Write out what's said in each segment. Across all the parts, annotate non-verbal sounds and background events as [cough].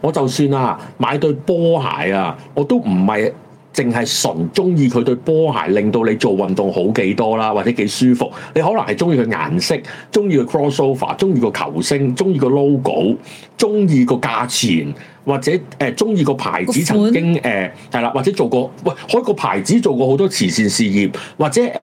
我就算啦、啊，買對波鞋啊，我都唔係淨係純中意佢對波鞋，令到你做運動好幾多啦，或者幾舒服。你可能係中意佢顏色，中意佢 cross over，中意個球星，中意個 logo，中意個價錢。或者誒中意個牌子曾經誒係啦，或者做過喂、呃、開個牌子做過好多慈善事業，或者誒誒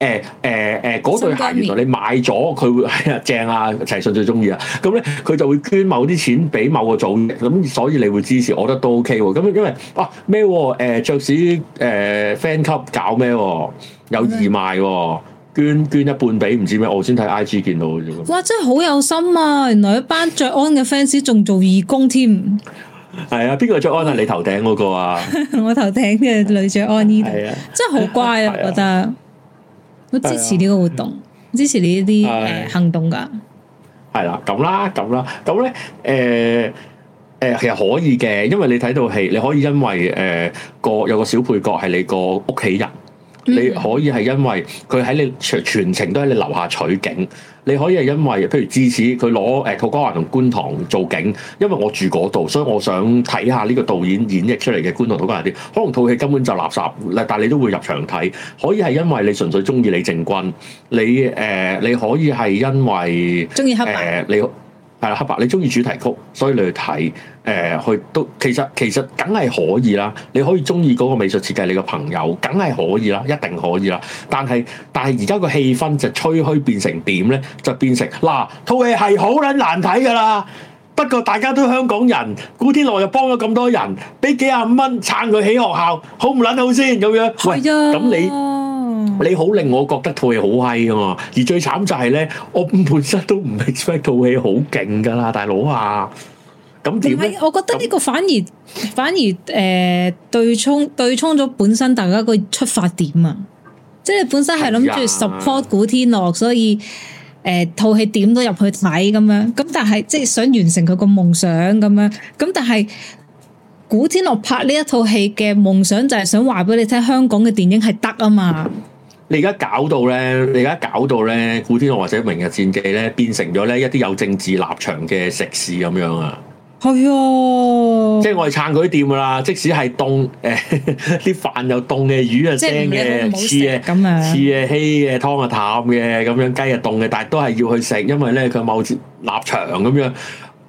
誒嗰對鞋原來你買咗佢會係啊正啊齊順最中意啊，咁咧佢就會捐某啲錢俾某個組，咁所以你會支持，我覺得都 OK 喎、啊。咁因為哇咩誒著士誒、呃、fan club 搞咩、啊、有義賣、啊、捐捐一半俾唔知咩，我先睇 I G 見到嘅啫。哇、啊！真係好有心啊，原來一班着安嘅 fans 仲做義工添。係啊，邊個最安啊？你頭頂嗰個啊？ [laughs] 我頭頂嘅女着安呢度，啊、真係好乖啊！啊我覺得好、啊、支持呢個活動，啊、支持你呢啲誒行動噶係啦、啊，咁啦、啊，咁啦，咁咧，誒，誒、呃呃，其實可以嘅，因為你睇到戲，你可以因為誒個、呃、有個小配角係你個屋企人。Mm hmm. 你可以係因為佢喺你全程都喺你樓下取景，你可以係因為譬如至此佢攞誒土瓜灣同觀塘造景，因為我住嗰度，所以我想睇下呢個導演演繹出嚟嘅觀塘土瓜灣啲，可能套戲根本就垃圾，但係你都會入場睇。可以係因為你純粹中意李靖軍，你誒、呃、你可以係因為中意黑誒、呃、你。係啦，黑白你中意主題曲，所以你去睇，誒、呃，去都其實其實梗係可以啦。你可以中意嗰個美術設計，你個朋友梗係可以啦，一定可以啦。但係但係而家個氣氛就吹噓變成點咧？就變成嗱，套戲係好撚難睇噶啦。不過大家都香港人，古天樂又幫咗咁多人，俾幾廿五蚊撐佢起學校，好唔撚好先咁樣？的喂，咁你？你好令我覺得套戲好嗨㗎嘛。而最慘就係咧，我本身都唔 expect 套戲好勁噶啦，大佬啊！咁點解？我覺得呢個反而那反而誒、呃、對沖對沖咗本身大家個出發點啊，即係本身係諗住 support 古天樂，的所以誒套戲點都入去睇咁樣，咁但係即係想完成佢個夢想咁樣，咁但係古天樂拍呢一套戲嘅夢想就係想話俾你聽，香港嘅電影係得啊嘛～你而家搞到咧，你而家搞到咧，《古天樂》或者《明日戰記》咧，變成咗咧一啲有政治立場嘅食肆咁樣啊！係啊，即係我係撐佢啲店噶啦。即使係凍誒，啲、哎、飯又凍嘅，魚啊腥嘅，翅嘅，翅嘅稀嘅，湯啊淡嘅，咁樣雞啊凍嘅，但係都係要去食，因為咧佢某立場咁樣，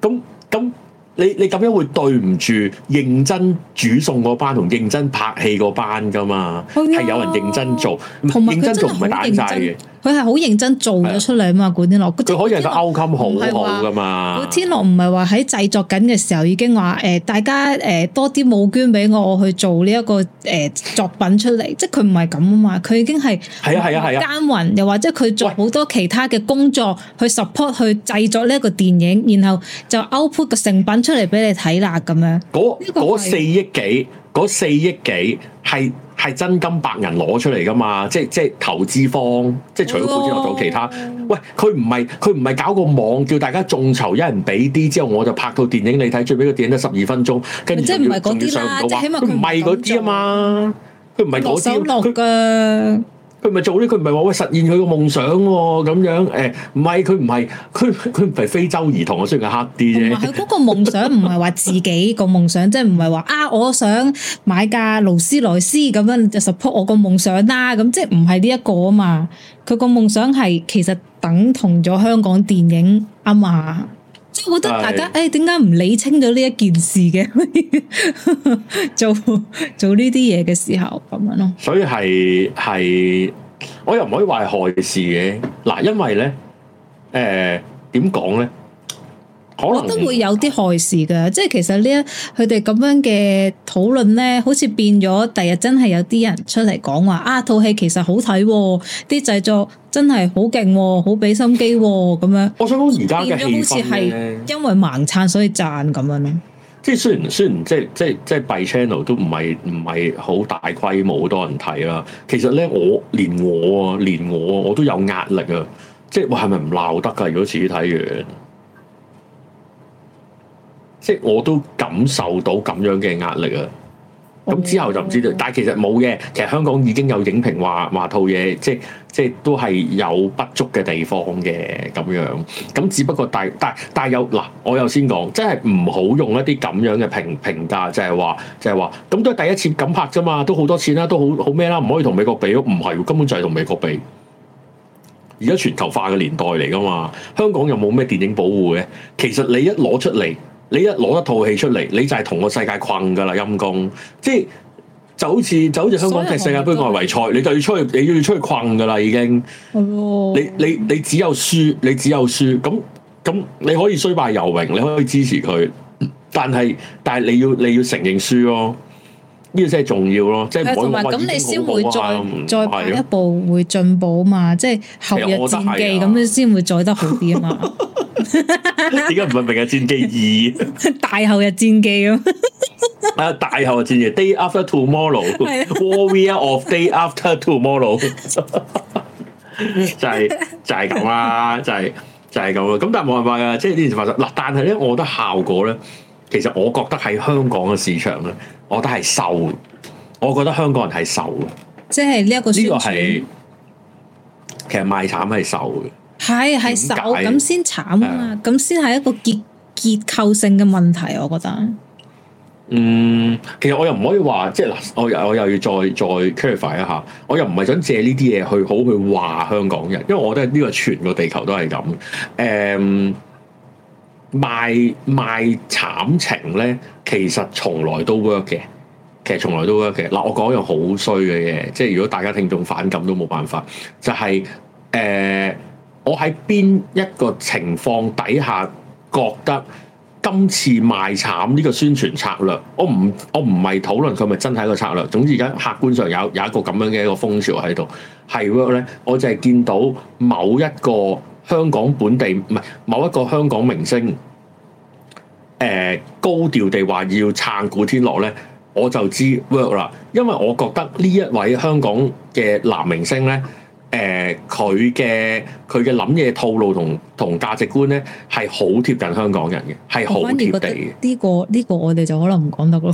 咁咁。你你咁樣會對唔住認真煮餸嗰班同認真拍戲嗰班㗎嘛？係、oh、yeah. 有人認真做，有認真做唔係大晒嘅。佢係好認真做咗出嚟啊嘛，的古天樂佢可以係個 outcome 好好噶嘛。古天樂唔係話喺製作緊嘅時候已經話誒、呃，大家誒、呃、多啲募捐俾我，我去做呢、這、一個誒、呃、作品出嚟，即係佢唔係咁啊嘛，佢已經係係啊係啊係啊，均勻又或者佢做好多其他嘅工作去 support 喂去製作呢一個電影，然後就 output 個成品出嚟俾你睇啦咁樣。嗰那四億幾，嗰四億幾係。係真金白銀攞出嚟噶嘛，即係即係投資方，即係除咗佢之外，仲有其他，oh. 喂，佢唔係佢唔係搞個網叫大家眾籌，一人俾啲之後我就拍套電影你睇，最尾個電影得十二分鐘，跟住仲要上唔到畫。佢唔係嗰啲啊嘛，佢唔係嗰啲，佢咪做咧？佢唔係話，喂實現佢、哦欸、個夢想喎咁樣誒？唔係，佢唔係佢佢唔係非洲兒童啊，雖然黑啲啫。佢個夢想唔係話自己個夢想， [laughs] 即係唔係話啊我想買架勞斯萊斯咁樣就 support 我個夢想啦、啊、咁、嗯、即係唔係呢一個啊嘛？佢個夢想係其實等同咗香港電影啊嘛。即係我覺得大家，誒點解唔理清咗呢一件事嘅？ [laughs] 做做呢啲嘢嘅時候咁樣咯，所以係係我又唔可以話係害事嘅嗱，因為咧誒點講咧？呃我都會有啲害事㗎，即係其實呢一佢哋咁樣嘅討論咧，好似變咗第日真係有啲人出嚟講話啊，套戲其實好睇，啲製作真係好勁，好俾心機咁樣。我想講而家嘅氣氛咧，變咗好似係因為盲撐所以讚咁樣。即係雖然雖然即係即係即係閉 channel 都唔係唔係好大規模好多人睇啦。其實咧，我連我啊連我啊，我都有壓力啊！即係我係咪唔鬧得㗎？如果自己睇完？即係我都感受到咁樣嘅壓力啊！咁、嗯、之後就唔知道，嗯、但係其實冇嘅。其實香港已經有影評話話套嘢，即係即係都係有不足嘅地方嘅咁樣。咁只不過但係但但係又嗱，我又先講，真係唔好用一啲咁樣嘅評評價，就係、是、話就係、是、話，咁都係第一次咁拍啫嘛，都好多錢啦、啊，都好好咩啦、啊，唔可以同美國比咯，唔係根本就係同美國比。而家全球化嘅年代嚟㗎嘛，香港又冇咩電影保護嘅，其實你一攞出嚟。你一攞一套戲出嚟，你就係同個世界困噶啦，陰公，即係就好似就好似香港踢世界杯外圍賽，你就要出去，你要出去困噶啦，已經、oh. 你你你只有輸，你只有輸，咁咁你可以衰敗遊泳，你可以支持佢，但係但係你要你要承認輸咯、哦。呢啲先係重要咯，即係唔係咁你先會再、嗯、再一步會進步嘛？嗯、即係後日戰記咁、啊、樣先會再得好啲啊嘛？點解唔係明日戰記二？大後日戰記咯。啊，大後日戰記 [laughs] [laughs] ，Day after tomorrow，Warrior of day after tomorrow， [laughs] [laughs] 就係就係咁啦，就係、是啊、就係咁啦。咁、就是就是、 [laughs] 但係冇辦法嘅，即係呢件事發生嗱。但係咧，我覺得效果咧，其實我覺得喺香港嘅市場咧。我覺得係瘦，我覺得香港人係瘦嘅，即係呢一個呢個係其實賣慘係瘦嘅，係係瘦咁先慘啊嘛，咁先係一個結結構性嘅問題，我覺得。嗯，其實我又唔可以話，即係嗱，我又我又要再再 clarify 一下，我又唔係想借呢啲嘢去好去話香港人，因為我覺得呢個全個地球都係咁誒。Um, 賣賣慘情咧，其實從來都 work 嘅。其實從來都 work 嘅。嗱，我講一樣好衰嘅嘢，即係如果大家聽眾反感都冇辦法，就係、是、誒、呃，我喺邊一個情況底下覺得今次賣慘呢個宣傳策略，我唔我唔係討論佢咪真係一個策略。總之而家客觀上有有一個咁樣嘅一個風潮喺度，係 work 咧。我就係見到某一個，香港本地唔係某一個香港明星，誒、呃、高調地話要撐古天樂咧，我就知 work 啦。 [laughs] 因為我覺得呢一位香港嘅男明星咧，誒佢嘅佢嘅諗嘢套路同同價值觀咧係好貼近香港人嘅，係好貼地嘅。呢、呢個呢、呢個我哋就可能唔講得咯，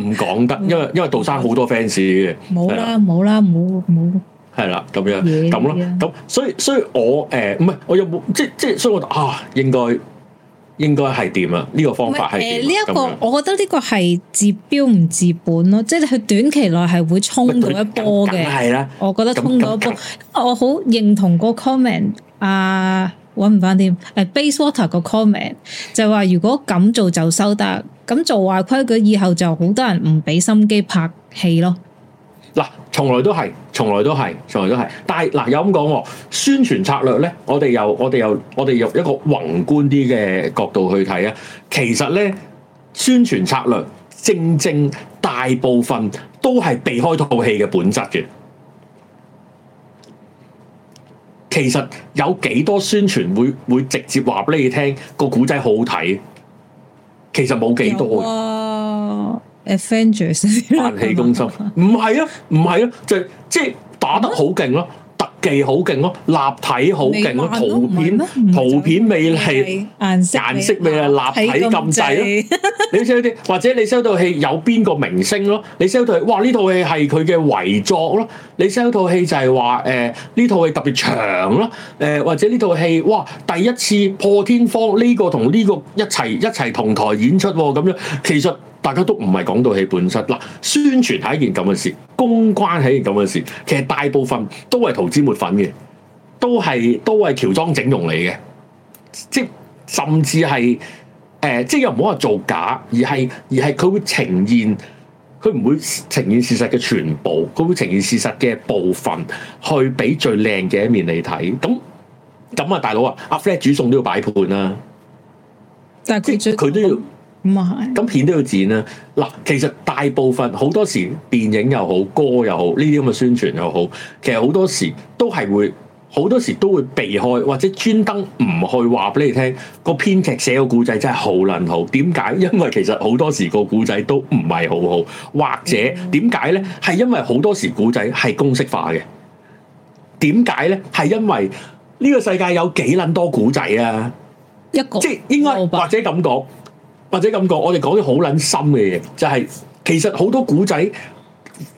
唔 [laughs] 講得，因為因為杜生好多 fans 嘅。 [laughs] 冇啦冇啦冇冇。係啦，咁樣，咁咯 Yeah.，咁所以，所以我誒，唔係，我有冇，即即，所以我啊，應該應該係點啊？呢個方法係點？呢一個樣我覺得呢個係治標唔治本咯，即係佢短期內係會衝到一波嘅，係啦。我覺得衝到一波，我好認同個 comment 啊，揾唔返啲誒 Base Water 個 comment，就話如果咁做就收得，咁做壞規矩，以後就好多人唔俾心機拍戲咯。嗱，從來都係，從來都係，從來都係。但係嗱，有咁講喎，宣傳策略咧，我哋又我哋又我哋用一個宏觀啲嘅角度去睇啊。其實咧，宣傳策略正正大部分都係避開套戲嘅本質嘅。其實有幾多宣傳會會直接話俾你聽個古仔好睇？其實冇幾多。Adventures，漫氣中心唔係啊，唔係啊，就係、即係打得好勁咯，嗯、特技好勁咯，立體好勁咯，完圖片圖片美麗，顏色美麗，立體咁滯咯。 [laughs] 你收啲，或者你收套戲有邊個明星咯？你收到哇呢套戲係佢嘅遺作咯。你收套戲就係話誒呢套戲特別長咯。誒、呃、或者呢套戲哇第一次破天荒呢、呢個同呢個一齊一齊同台演出咁樣，其實。大家都唔係講到戲本身。嗱，宣傳係一件咁嘅事，公關係一件咁嘅事，其實大部分都係塗脂抹粉嘅，都係都係喬裝整容嚟嘅，即甚至係誒、呃，即係又唔好話造假，而係而係佢會呈現，佢唔會呈現事實嘅全部，佢會呈現事實嘅部分，去俾最靚嘅一面你睇。咁咁啊，大佬啊，阿 Flat 煮餸都要擺盤啦，啊，但係即佢都要。咁、嗯、片都要剪啦。嗱，其實大部分好多時電影又好，歌又好，呢啲咁嘅宣傳又好，其實好多時都係會，好多時都會避開，或者專登唔去話俾你聽。個編劇寫個故仔真係好撚好，點解？因為其實好多時個故仔都唔係好好，或者點解、嗯、呢？係因為好多時故仔係公式化嘅。點解呢？係因為呢個世界有幾撚多故仔啊？一個，即係應該百或者咁講。或者咁講，我哋講啲好捻深嘅嘢，就係其實好多古仔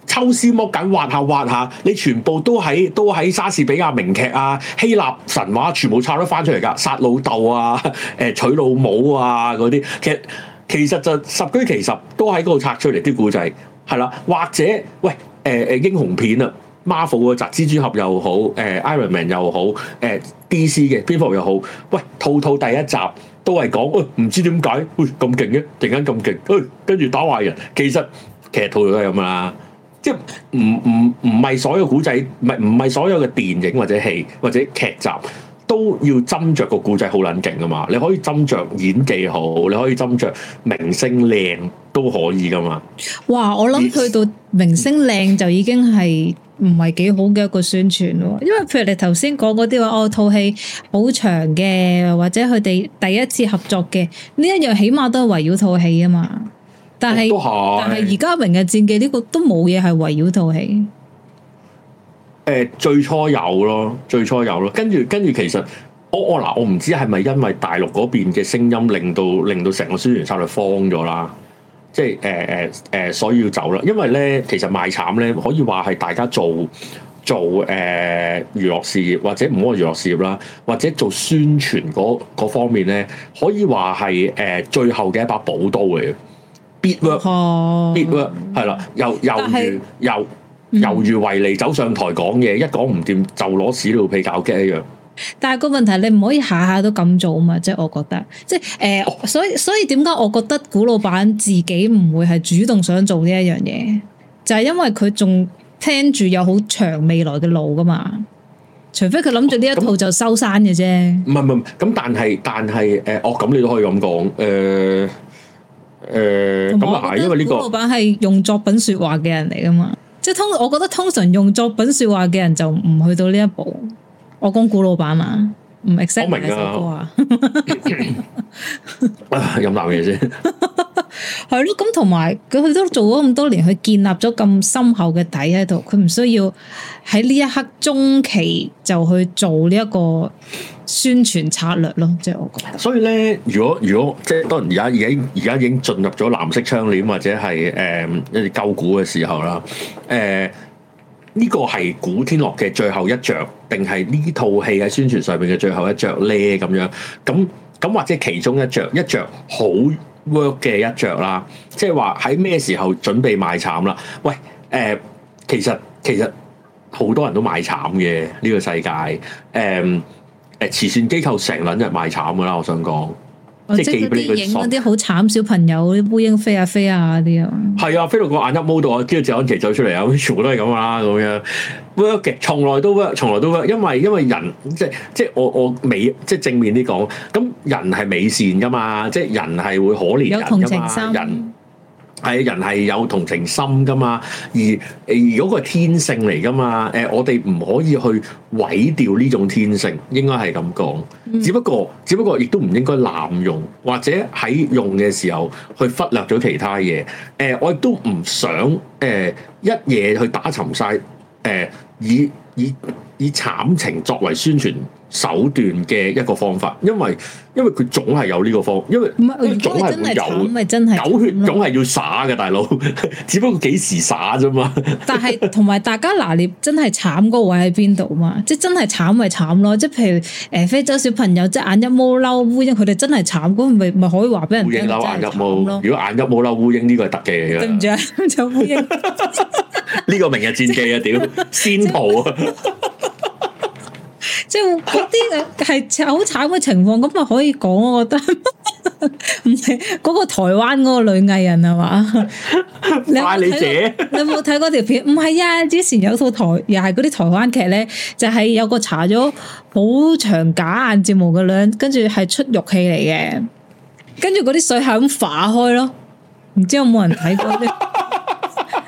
抽絲剝繭，挖下挖下，你全部都喺都喺莎士比亞名劇啊、希臘神話，全部抄得翻出嚟噶，殺老豆啊、誒娶老母啊嗰啲，其實其實就十居其十都喺嗰度拆出嚟啲古仔，係啦，或者喂誒誒英雄片啊，Marvel 嗰集蜘蛛俠又好，誒 Iron Man 又好，誒 DC 嘅蝙蝠又好，喂套套第一集。都係講，誒、欸、唔知點解，欸、會咁勁嘅，突然間咁勁，誒跟住打壞人。其實劇套都係咁啦，即係唔唔唔係所有古仔，唔係唔係所有嘅電影或者戲或者劇集。都要斟酌個故仔好冷靜㗎嘛，你可以斟酌演技好，你可以斟酌明星靚都可以㗎嘛。哇，我諗去到明星靚就已經係唔係幾好嘅一個宣傳咯，因為譬如你頭先講嗰啲話，哦套戲好長嘅，或者佢哋第一次合作嘅呢一樣，起碼都係圍繞套戲啊嘛。但係係，但係而家《明日戰記》呢、這個都冇嘢係圍繞套戲。誒最初有咯，最初有咯，跟住跟住其實，我我嗱，我唔知係咪因為大陸嗰邊嘅聲音令到令到成個宣傳策略荒咗啦，即係誒誒誒，所以要走啦。因為咧，其實賣慘咧，可以話係大家做做誒娛樂事業或者唔好話娛樂事業啦，或者做宣傳嗰嗰方面咧，可以話係誒最後嘅一把寶刀嚟嘅，bit work，bit work，係啦，又又完又。但是 猶如維尼走上台講嘢，一講唔掂就攞屎尿屁搞嘅一樣。但係個問題，你唔可以下下都咁做啊嘛！即係我覺得，即係誒、呃哦，所以所以點解我覺得古老闆自己唔會係主動想做呢一樣嘢，就係、是、因為佢仲聽住有好長未來嘅路噶嘛。除非佢諗住呢一套、哦、就收山嘅啫。唔係唔係咁，但係但係誒、呃，哦咁你都可以咁講，誒誒咁啊，因、呃、為古老闆係用作品說話嘅人嚟噶嘛。即係通，我覺得通常用作品說話嘅人就唔去到呢一步。我講古老板嘛，唔 accept 呢首歌啊。咁難嘅嘢先，係咯。咁同埋佢，佢都做咗咁多年，佢建立咗咁深厚嘅底喺度，佢唔需要喺呢一刻中期就去做呢、這、一個。 [laughs] 宣傳策略咯，即係我覺得。所以咧，如果如果即係當然而家而家而家已經進入咗藍色窗簾或者係誒一啲舊股嘅時候啦，誒呢個係古天樂嘅最後一着，定係呢套戲喺宣傳上邊嘅最後一着咧？咁樣咁咁或者其中一着，一着好 work 嘅一着啦，即係話喺咩時候準備賣慘啦？喂誒、嗯，其實其實好多人都賣慘嘅呢個世界誒。嗯誒慈善機構成撚都係賣慘噶啦，我想講，哦、即係記唔記得影嗰啲好慘小朋友啲烏蠅飛啊飛啊嗰啲啊，係啊，飛到個眼一冇到啊，叫謝安琪走出嚟啊，全部都係咁啊，咁樣 work 嘅，從來都 work，從來都 work，因為因為人即即我我美即正面啲講，咁人係美善噶嘛，即係人係會可憐人噶嘛，有同情心。係人係有同情心㗎嘛，而、呃、如果個天性嚟㗎嘛，誒、呃、我哋唔可以去毀掉呢種天性，應該係咁講。只不過只不過亦都唔應該濫用，或者喺用嘅時候去忽略咗其他嘢。誒、呃、我亦都唔想誒、呃、一嘢去打沉晒，誒、呃、以以以慘情作為宣傳，手段嘅一個方法，因為因為佢總係有呢個方，因為唔係佢總係有，咪真係狗血，總係要耍嘅大佬，只不過幾時耍啫嘛。但係同埋大家拿捏真係慘嗰位喺邊度嘛？即係真係慘咪慘咯。即係譬如誒非洲小朋友，即係眼一抹嬲烏蠅，佢哋真係慘，咁咪咪可以話俾人，烏蠅撈眼一抹。如果眼一抹嬲烏蠅呢個係特技嚟嘅，對唔住就烏蠅呢個明日戰記啊，屌先暴啊！即係嗰啲係好慘嘅情況，咁咪可以講，我覺得唔係嗰個台灣嗰個女藝人係嘛？你 [laughs] 你有冇睇嗰條片？唔係啊，之前有套台又係嗰啲台灣劇咧，就係、是、有個搽咗好長假眼睫毛嘅女，人，跟住係出玉器嚟嘅，跟住嗰啲水係咁化開咯，唔知有冇人睇過咧？ [laughs]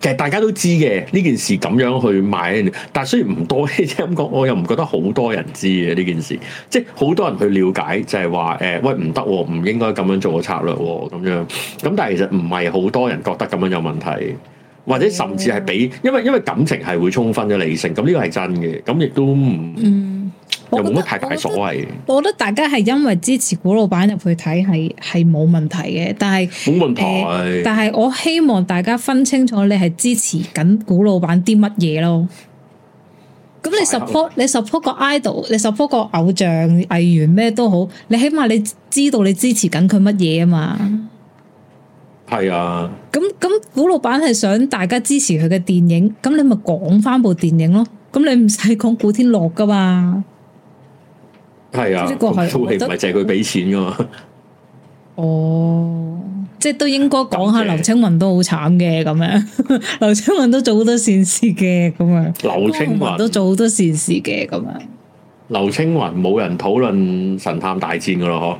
其實大家都知嘅呢件事咁樣去買，但係雖然唔多，即係咁講，我又唔覺得好多人知嘅呢件事，即係好多人去了解，就係話誒，喂唔得，唔應該咁樣做個策略咁樣。咁但係其實唔係好多人覺得咁樣有問題，或者甚至係俾，Yeah. 因為因為感情係會衝昏咗理性，咁呢個係真嘅，咁亦都唔。Mm. 又冇乜太大所謂我覺得，我覺得大家係因為支持古老闆入去睇係係冇問題嘅，但係冇問題，呃、但係我希望大家分清楚你係支持緊古老闆啲乜嘢咯。咁 [laughs] 你 support 你 support 個 idol，你 support 個偶像藝員咩都好，你起碼你知道你支持緊佢乜嘢啊嘛？係啊。咁咁古老闆係想大家支持佢嘅電影，咁你咪講翻部電影咯。咁你唔使講古天樂㗎嘛？係啊，粗氣唔係借佢俾錢噶嘛都。 [laughs] 哦，即係都應該講下劉青雲都好慘嘅咁樣，劉青雲都做好多善事嘅咁樣，劉青雲都做好多善事嘅咁樣。劉青雲冇人討論神探大戰噶咯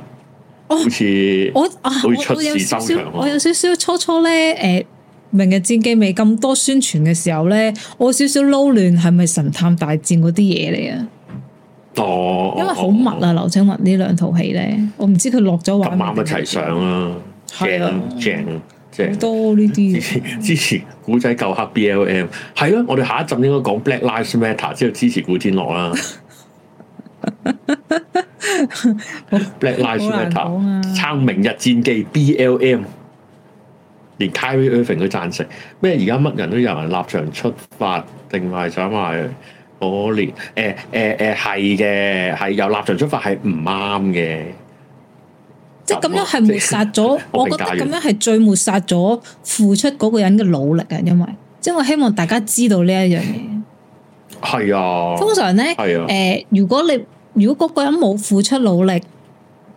嗬？好似我啊，好似像、啊、出事收場我少少。我有少少初初咧，誒、呃，明日戰記未咁多宣傳嘅時候咧，我少少撈亂係咪神探大戰嗰啲嘢嚟啊？多，因為好密啊！哦哦、劉青雲呢兩套戲咧，我唔知佢落咗畫。今晚一齊上啦、啊，正、啊、正正多呢啲、啊、支持支持古仔夠黑 B L M 係咯、啊，我哋下一陣應該講 Black Lives Matter，之後支持古天樂啦。 [laughs] Black Lives Matter、 [laughs] 啊、撐明日戰記 B L M，連 Kyrie Irving 都贊成咩？而家乜人都由人立場出發，定埋想話。我連誒誒誒係嘅，係、哎哎、由立場出發，係唔啱嘅，即係咁樣係抹殺咗。 [laughs] 我，我覺得咁樣係最抹殺咗付出嗰個人嘅努力嘅，因為即係我希望大家知道呢一樣嘢。係 [laughs] 啊，通常咧，誒、啊呃，如果你如果嗰個人冇付出努力，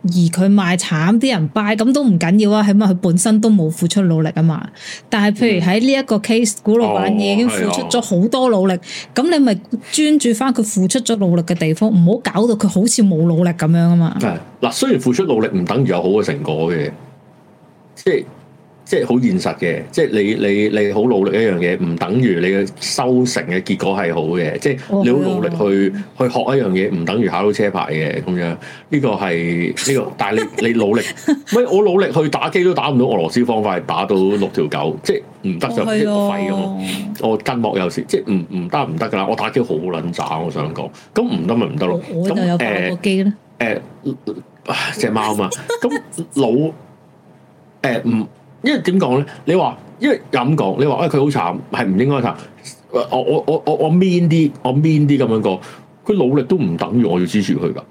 而佢賣慘啲人 buy 咁都唔緊要啊，起碼佢本身都冇付出努力啊嘛。但係譬如喺呢一個 case、嗯、古老闆已經付出咗好多努力，咁、哦、你咪專注翻佢付出咗努力嘅地方，唔好搞到佢好似冇努力咁樣啊嘛。係、嗱、嗯，雖然付出努力唔等於有好嘅成果嘅，即係。即係好現實嘅，即係你你你好努力一樣嘢，唔等於你嘅收成嘅結果係好嘅。即係你好努力去、哦是啊、去，去學一樣嘢，唔等於考到車牌嘅咁樣這。呢個係呢個，但係你你努力，唔係我努力去打機都打唔到俄羅斯方塊，打到六條狗，即係唔得就我我即係廢我筋膜有時即係唔唔得唔得㗎啦。我打機好撚渣，我想講咁唔得咪唔得咯。咁誒隻貓嘛，咁、嗯、老誒唔？嗯嗯嗯嗯因為點講咧？你話因為咁講，你話誒佢好慘，係、哎、唔應該慘。我我我我我 mean 啲，我 mean 啲咁樣講。佢努力都唔等於我要支持佢噶。呢、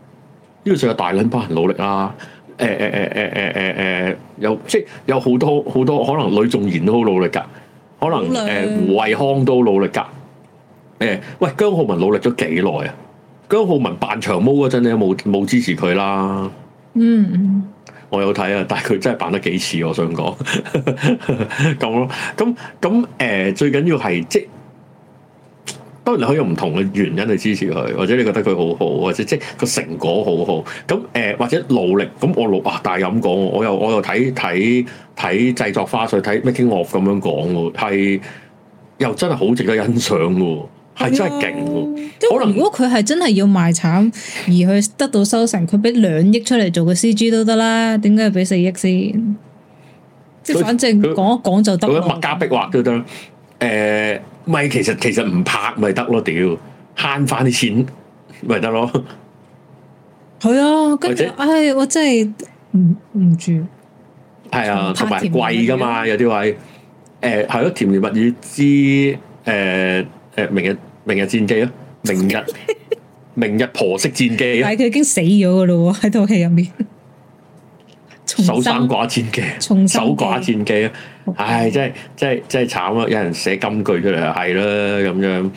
這個就係大 n 班人努力啦。誒誒誒誒誒誒誒，有即係有好多好多可能呂頌賢都好努力㗎。可能誒、嗯呃、胡渭康都好努力㗎。誒、哎、喂，姜浩文努力咗幾耐啊？姜浩文扮長毛嗰陣，你冇冇支持佢啦？嗯。我有睇啊，但係佢真係扮得幾似，我想講咁咯。咁咁誒，最緊要係即係，當然你可以唔同嘅原因去支持佢，或者你覺得佢好好，或者即係個成果好好。咁誒、呃，或者努力咁，我努啊，但係咁講，我又我又睇睇睇製作花絮，睇 Making Of 咁樣講喎，係又真係好值得欣賞喎。係真係勁，即可能即如果佢係真係要賣慘而去得到收成，佢俾兩億出嚟做個 CG 都得啦。點解要俾四億先？即係反正講一講就得。咁啊，墨家壁畫都得。誒，咪其實其實唔拍咪得咯，屌慳翻啲錢咪得咯。係啊，跟住唉，我真係唔唔住。係啊，同埋貴噶嘛，有啲位誒係咯，甜言蜜語之誒。誒，明日明日戰記咯，明日明日婆媳戰記啊，但係佢已經死咗噶咯喎，喺套戲入面，重手山寡戰記，守寡戰記啊！Okay. 唉，真係真係真係慘咯！有人寫金句出嚟，係啦咁樣。誒、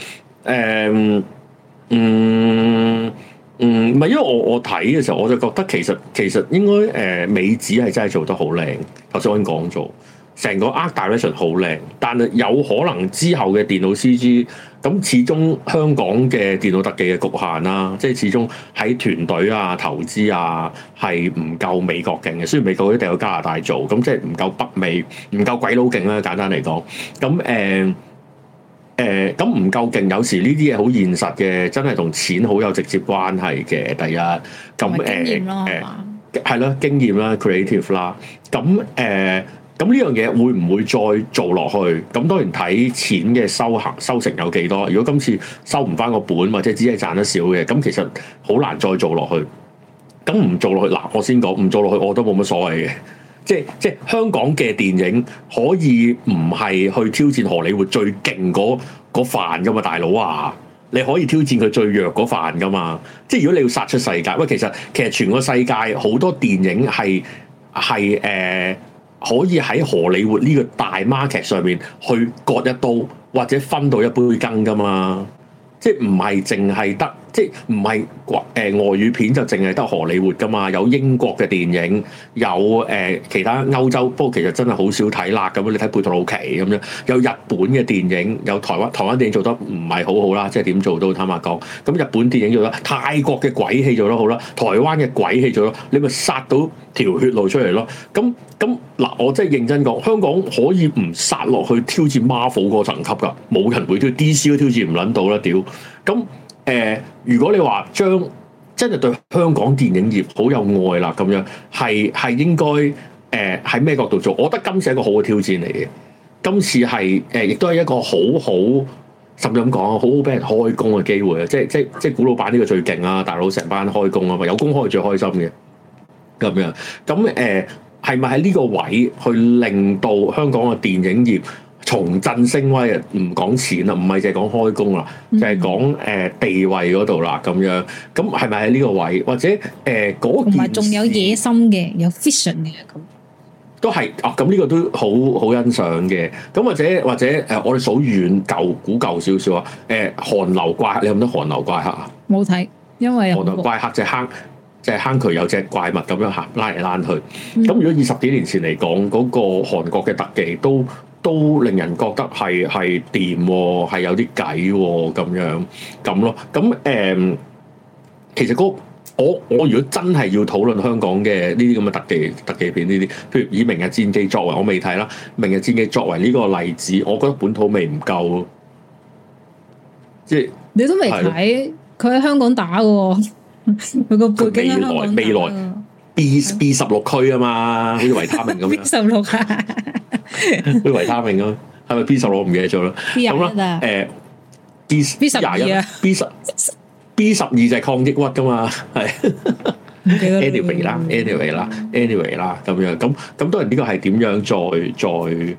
嗯，嗯嗯，唔係，因為我我睇嘅時候，我就覺得其實其實應該誒、呃、美子係真係做得好靚，頭先我已經講咗。成個 art direction 好靚，但係有可能之後嘅電腦 CG 咁，始終香港嘅電腦特技嘅局限啦，即係始終喺團隊啊、投資啊係唔夠美國勁嘅。雖然美國一定有加拿大做，咁即係唔夠北美、唔夠鬼佬勁啦。簡單嚟講，咁誒誒，咁唔夠勁。有時呢啲嘢好現實嘅，真係同錢好有直接關係嘅。第一咁誒，係咯經驗啦、呃、經驗，creative 啦，咁誒。呃咁呢樣嘢會唔會再做落去？咁當然睇錢嘅收行收成有幾多。如果今次收唔返個本或者只係賺得少嘅，咁其實好難再做落去。咁唔做落去嗱，我先講唔做落去，我都冇乜所謂嘅。即係即係香港嘅電影可以唔係去挑戰荷里活最勁嗰飯㗎嘛，大佬啊！你可以挑戰佢最弱嗰飯㗎嘛。即係如果你要殺出世界，喂，其實其實全個世界好多電影係係誒。可以喺荷里活呢個大 market 上面去割一刀，或者分到一杯羹㗎嘛，即係唔係淨係得。即係唔係誒外語片就淨係得荷里活㗎嘛？有英國嘅電影，有誒、呃、其他歐洲。不過其實真係好少睇啦。咁樣你睇貝托魯奇咁樣，有日本嘅電影，有台灣，台灣電影做得唔係好好啦。即係點做都坦白講，咁日本電影做得，泰國嘅鬼戲做得好啦，台灣嘅鬼戲做得，你咪殺到條血路出嚟咯。咁咁嗱，我真係認真講，香港可以唔殺落去挑戰 Marvel 嗰個層級㗎，冇人會挑，DC 都挑戰唔撚到啦，屌。咁誒、呃，如果你話將真係對香港電影業好有愛啦，咁樣係係應該誒喺咩角度做？我覺得今次係一個好嘅挑戰嚟嘅。今次係誒、呃，亦都係一個好好，甚至咁講，好好俾人開工嘅機會啊！即係即係即係古老闆呢個最勁啦，大佬成班開工啊嘛，有工開最開心嘅咁樣。咁誒，係咪喺呢個位去令到香港嘅電影業？重振聲威啊！唔講錢啦，唔係淨係講開工啦，就係講誒地位嗰度啦，咁樣。咁係咪喺呢個位？或者誒嗰件？同埋仲有野心嘅，有 vision 嘅咁。都係啊！咁、這、呢個都好好欣賞嘅。咁或者或者誒、呃，我哋數遠舊古舊少少啊。誒、呃，韓流怪客，你有冇得韓流怪客？冇睇，因為韓流怪客就坑，就係坑渠有隻怪物咁樣行，拉嚟拉去。咁、嗯、如果二十幾年前嚟講，嗰、那個韓國嘅特技都～都都令人覺得係係掂喎，係、啊、有啲計喎咁樣咁咯。咁誒、嗯，其實、嗰個我我如果真係要討論香港嘅呢啲咁嘅特技特技片呢啲，譬如以《明日戰記》作為，我未睇啦，《明日戰記》作為呢個例子，我覺得本土味唔夠，即係你都未睇，佢喺了香港打嘅，佢個背景喺香港佢未來，未來 B B 十六區啊嘛，好似的維他命咁樣十六。 [laughs] B 16 啊 [laughs] 啲維他命咯、啊，係咪 B 十我唔記得咗啦？咁啦、anyway, anyway, anyway, 啊，誒，B B 廿一 B 十 B 十二就係抗抑鬱噶嘛，係 anyway 啦，anyway 啦，anyway 啦，咁樣咁咁，當然呢個係點樣再再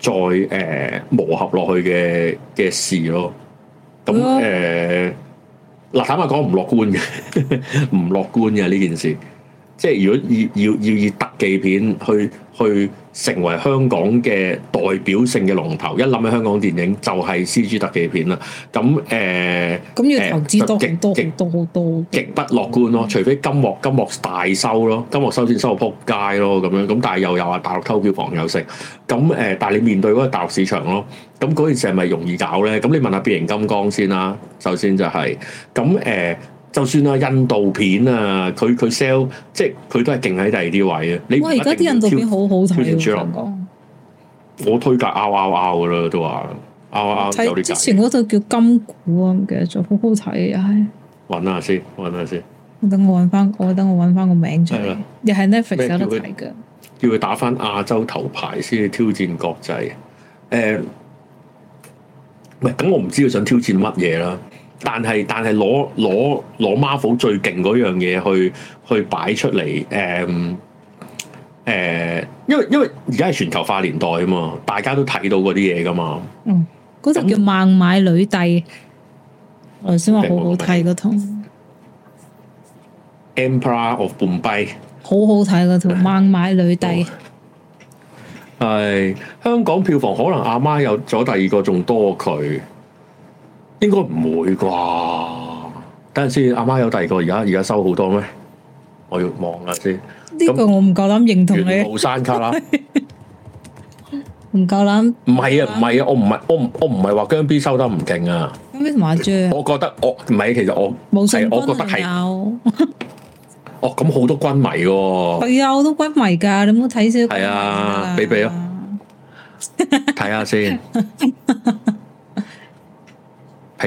再誒、呃、磨合落去嘅嘅事咯。咁誒，嗱、呃， [laughs] 坦白講唔樂觀嘅，唔樂觀嘅呢件事。即係如果要要要以特技片去去成為香港嘅代表性嘅龍頭，一諗起香港電影就係、是、CG 特技片啦。咁誒，咁、呃、要投資、呃、極勁多好多好多極，極不樂觀咯。除非金幕金幕大收咯，金幕收先收到撲街咯，咁樣咁。但係又有話大陸偷票房有食。咁誒、呃，但係你面對嗰個大陸市場咯，咁嗰件事係咪容易搞咧？咁你問下《變形金剛》先啦。首先就係咁誒。就算啊，印度片啊，佢佢 sell，即係佢都係勁喺第二啲位啊！你我而家啲印度片好好睇，啊、我推介 out out out 噶啦，都話 out out 之前嗰套叫金股啊，唔記得咗，好好睇，唉！揾下先，揾下先。等我揾翻，我等我揾翻個名出嚟，的又係 Netflix 有得睇嘅。要佢打翻亞洲頭牌先去挑戰國際。誒、嗯，唔係，咁我唔知佢想挑戰乜嘢啦。但係但係攞攞攞 Marvel 最勁嗰樣嘢去去擺出嚟，誒、um, 誒、uh，因為因為而家係全球化年代啊嘛，大家都睇到嗰啲嘢噶嘛。嗯，嗰、那、集、個、叫《孟買女帝》，我、嗯嗯、先話好，嗯、好好睇嗰套。Emperor of Bombay，好好睇嗰套《孟買女帝》。係香港票房可能阿媽，媽有咗第二個仲多佢。應該唔會啩？等陣先，阿媽有第二個，而家而家收好多咩？我要望下先。呢個我唔夠膽認同你。冇山卡啦，唔夠膽。唔係啊，唔係啊，我唔係，我唔，我唔係話姜 B 收得唔勁啊。姜 B 麻雀，我覺得我唔係，其實我冇，我覺得係。哦，咁好多軍迷喎。係啊，好多軍迷噶，你唔好睇少？係啊，比比咯，睇下先。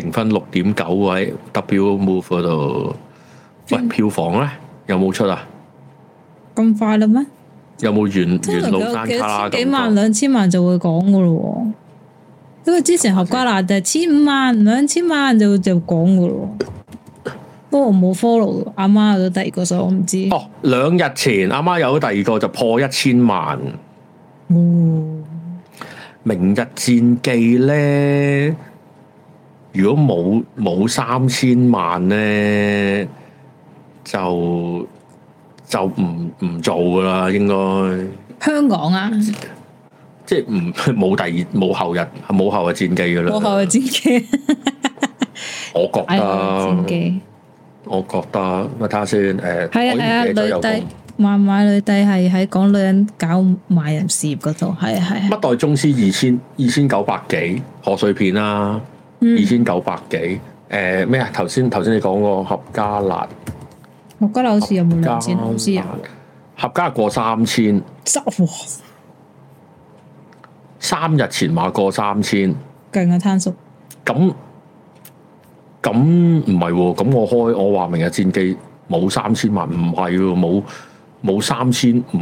評分六點九位，W Move 嗰度喂。嗯、票房咧有冇出啊？咁快啦咩？有冇原完露天卡拉咁？幾萬兩千萬就會講噶咯喎，因為之前《合家辣》千五萬兩千萬就就講噶咯，不過 [laughs] 我冇 follow 阿媽都第二個數，所以我唔知。哦，兩日前阿媽有第二個就破一千萬。嗯、哦，明日戰記咧。如果冇冇三千萬咧，就就唔唔做噶啦，應該香港啊，即係唔冇第二冇後日冇後日戰記噶啦，冇後日戰記，我覺得，我覺得，咪睇下先。誒、呃，係啊係啊，有女帝話唔話女帝係喺港女人搞賣淫事業嗰度，係啊係啊，一、啊、代宗師二千二千,二千九百幾賀歲片啦、啊。嗯、二千九百幾？誒咩啊？頭先頭先你講個合家辣，合家辣好似有冇兩千？唔知啊。合家,合家過三千，了三日前話過三千，勁啊！攤叔，咁咁唔係喎？咁我開我話明日戰記冇三千萬，唔係喎，冇冇三千五，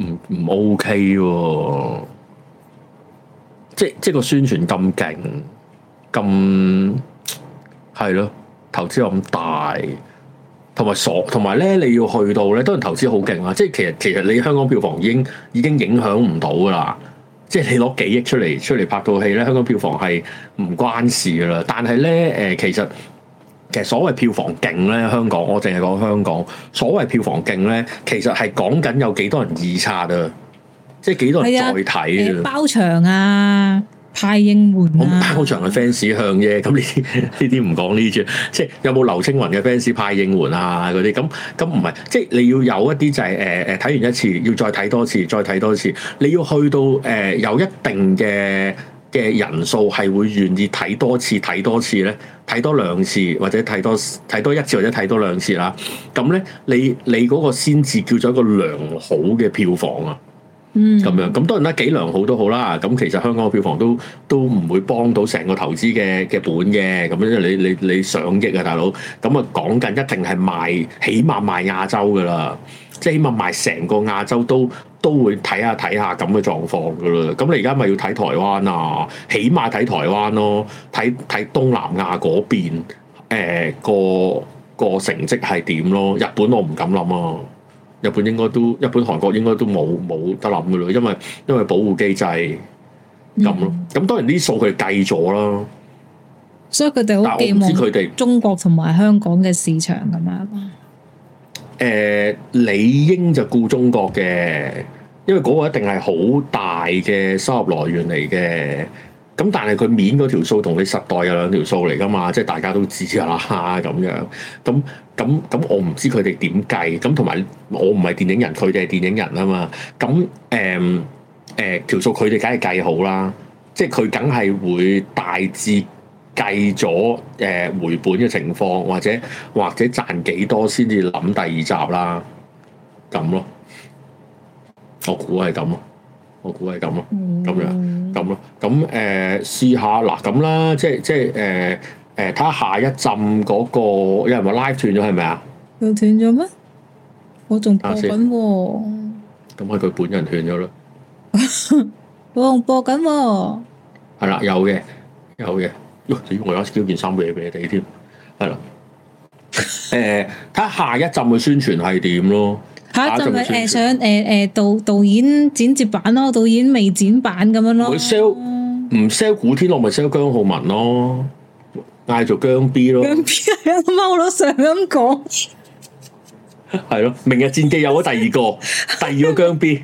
唔唔 OK 喎，即即個宣傳咁勁。咁係咯，投資又咁大，同埋傻，同埋咧你要去到咧，都係投資好勁啦。即係其實其實你香港票房已經已經影響唔到噶啦，即係你攞幾億出嚟出嚟拍套戲咧，香港票房係唔關事噶啦。但係咧誒，其實其實所謂票房勁咧，香港我淨係講香港，所謂票房勁咧，其實係講緊有幾多人二刷啊，即係幾多人再睇啊、呃，包場啊。派應援、啊、我派好長嘅 fans 向啫，咁呢啲呢啲唔講呢啲，即係有冇劉青雲嘅 fans 派應援啊？嗰啲咁咁唔係，即係你要有一啲就係誒誒睇完一次，要再睇多次，再睇多次，你要去到誒、呃、有一定嘅嘅人數係會願意睇多次，睇多次咧，睇多兩次或者睇多睇多一次或者睇多兩次啦，咁咧你你嗰個先至叫做一個良好嘅票房啊！嗯，咁樣咁當然啦，幾良好都好啦。咁其實香港嘅票房都都唔會幫到成個投資嘅嘅本嘅。咁因為你你你上億啊，大佬。咁啊講緊一定係賣，起碼賣亞洲噶啦，即係起碼賣成個亞洲都都會睇下睇下咁嘅狀況噶啦。咁你而家咪要睇台灣啊，起碼睇台灣咯，睇睇東南亞嗰邊，誒、呃、個個成績係點咯？日本我唔敢諗啊。日本應該都，日本韓國應該都冇冇得諗嘅咯，因為因為保護機制咁咯。咁、嗯、當然啲數佢計咗啦，所以佢哋好寄望中國同埋香港嘅市場咁樣。誒、嗯，理應就顧中國嘅，因為嗰個一定係好大嘅收入來源嚟嘅。咁但係佢免嗰條數同你實代有兩條數嚟㗎嘛，即係大家都知啦咁樣。咁咁咁，我唔知佢哋點計。咁同埋我唔係電影人，佢哋係電影人啊嘛。咁誒誒條數佢哋梗係計好啦，即係佢梗係會大致計咗誒回本嘅情況，或者或者賺幾多先至諗第二集啦。咁咯，我估係咁咯。我估係咁咯，咁、嗯、樣咁咯，咁誒、嗯、試下嗱咁啦，即係即係誒誒睇下下一浸嗰、那個，有人話拉斷咗係咪啊？又斷咗咩？我仲播緊喎。咁係佢本人斷咗咯。 [laughs] 我仲播緊、啊？係啦，有嘅，有嘅。喲、呃，點我而家叫件衫畀你哋添？係、嗯、啦。誒、嗯，睇 [laughs] 下下一浸嘅宣傳係點咯。吓就咪誒想誒誒導導演剪接版咯，導演未剪版咁樣咯。佢 sell 唔 sell 古天樂咪 sell 姜浩文咯，嗌做姜 B 咯。姜 B 阿媽佬都常咁講，係咯 [laughs] 《明日戰記》有咗第二個， [laughs] 第二個姜 B，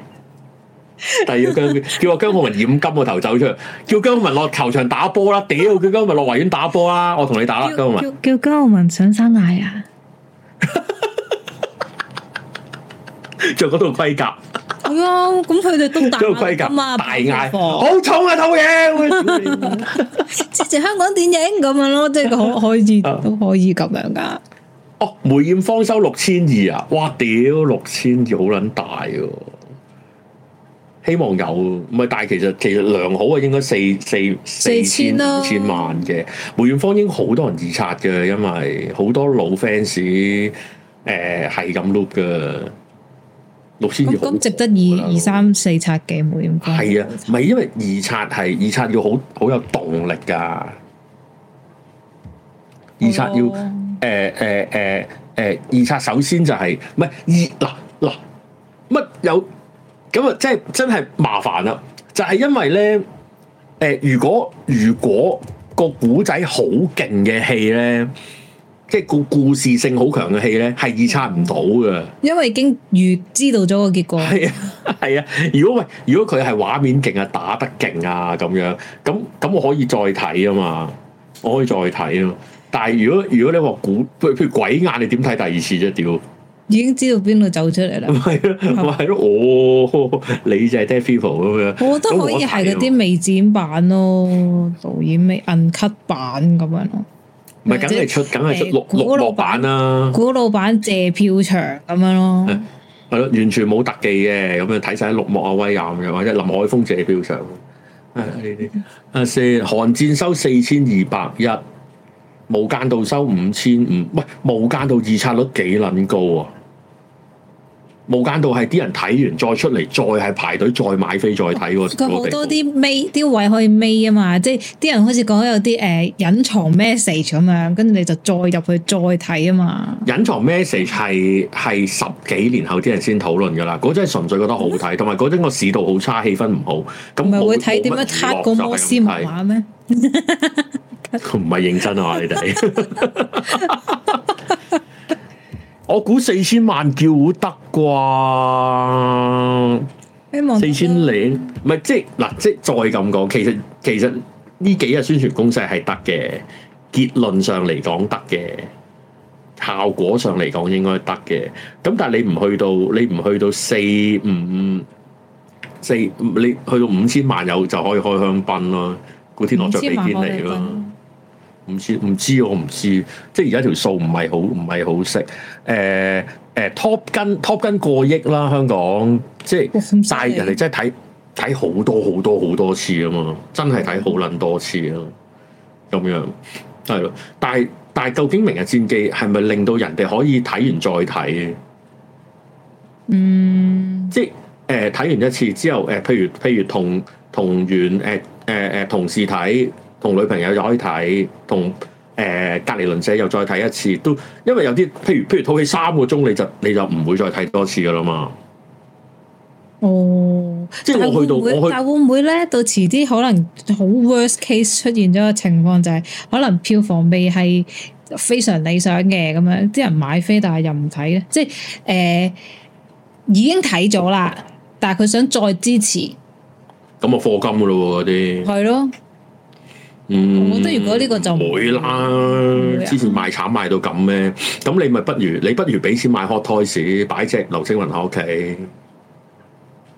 [laughs] 第二個姜 B 叫阿姜浩文染金個頭走出嚟，叫姜文落球場打波啦，屌 [laughs] 叫姜文落維園打波啦，我同你打啦姜浩文，叫姜浩文上山嗌啊！着嗰套盔甲 [laughs] ，係 [laughs] 啊！咁佢哋都大啊嘛，大嗌，好重啊套嘢，即係香港電影咁樣咯，即係可可以都、啊、可以咁樣噶。哦，梅艷芳收六千二啊！哇屌，六千二好撚大喎，哦！希望有，唔係但係其實其實良好啊，應該四四四千四千萬嘅梅艷芳應該好多人預測嘅，因為好多老 fans 誒係咁 look 噶。六千咁咁值得二二三四刷嘅，冇咁？係啊，唔係因為二刷係二刷要好好有動力㗎。二刷要誒誒誒誒二刷首先就係唔係二嗱嗱乜有咁啊？即係真係麻煩啦！就係、是、因為咧誒、呃，如果如果個古仔好勁嘅戲咧。即係故故事性好強嘅戲咧，係預測唔到嘅，因為已經預知道咗個結果。係啊係啊，如果喂，如果佢係畫面勁啊，打得勁啊，咁樣咁咁，我可以再睇啊嘛，我可以再睇啊嘛。但係如果如果你話古，譬如鬼眼，你點睇第二次啫？屌，已經知道邊度走出嚟啦，唔係啊，係咯，我你就係是 dead people 咁樣。我覺得可以係嗰啲未剪版咯，導演未 uncut 版咁樣咯。咪梗係出，梗係出綠幕版啦，古老板借、啊、票場咁樣咯，係咯， [noise] 完全冇特技嘅，咁樣睇曬綠幕阿威岩，或者林海峰借票場、哎哎哎，啊呢啲，啊四寒戰收四千二百一，無間道收五千五，喂，無間道二刷率幾撚高啊！無間道係啲人睇完再出嚟，再係排隊再買飛再睇喎。佢好多啲尾啲位可以尾啊嘛，即係啲人開始講有啲誒、呃、隱藏 message 咁樣，跟住你就再入去再睇啊嘛。隱藏 message 係係十幾年後啲人先討論噶啦，嗰陣純粹覺得好睇，同埋嗰陣個市道好差，氣氛唔好。咁唔會睇點樣拆個摩斯密碼咩？佢唔係認真啊，你哋。我估四千萬叫得啩，四千零，唔係即係嗱，即係再咁講，其實其實呢幾日宣傳攻勢係得嘅，結論上嚟講得嘅，效果上嚟講應該得嘅。咁但係你唔去到，你唔去到四五四，你去到五千萬有就可以開香檳咯，古天樂着地見嚟咯。5, 唔知我唔知，即係而家條數唔係好唔係好識。誒、呃、誒、呃、，Top Gun Top Gun 過億啦，香港即係曬人哋，真係睇睇好多好多好多次啊嘛，真係睇好撚多次啊，咁、嗯、樣係咯。但係但係，究竟明日戰記係咪令到人哋可以睇完再睇？嗯，即係誒睇完一次之後，誒、呃、譬如譬如同同完誒誒誒同事睇。同女朋友又可以睇，同誒、呃、隔離鄰舍又再睇一次，都因為有啲譬如譬如套戲三個鐘你就你就唔會再睇多次噶啦嘛。哦，即係我去到會會我去，但會唔會咧？到遲啲可能好 worst case 出現咗嘅情況就係可能票房未係非常理想嘅咁樣，啲人買飛但係又唔睇咧，即係誒、呃、已經睇咗啦，但係佢想再支持，咁啊課金噶咯啲，係咯。嗯，我覺得如果呢個就唔會啦，之前賣慘賣到咁咩？咁你咪不如你不如俾錢買 Hot Toys，擺隻劉青雲喺屋企。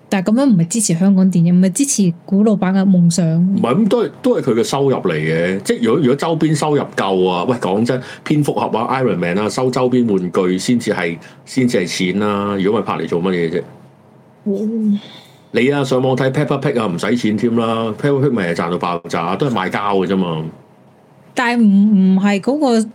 但係咁樣唔係支持香港電影，唔係支持古老闆嘅夢想。唔係咁都係都係佢嘅收入嚟嘅，即係如果如果周邊收入夠啊，喂，講真，蝙蝠俠啊 Iron Man 啊，收周邊玩具先至係先至係錢啦，啊，如果唔拍嚟做乜嘢啫？嗯你啊，上網睇 Peppa Pig 啊，唔使錢添啦，Peppa Pig 咪賺到爆炸，都係賣膠嘅啫嘛。但係唔唔係嗰個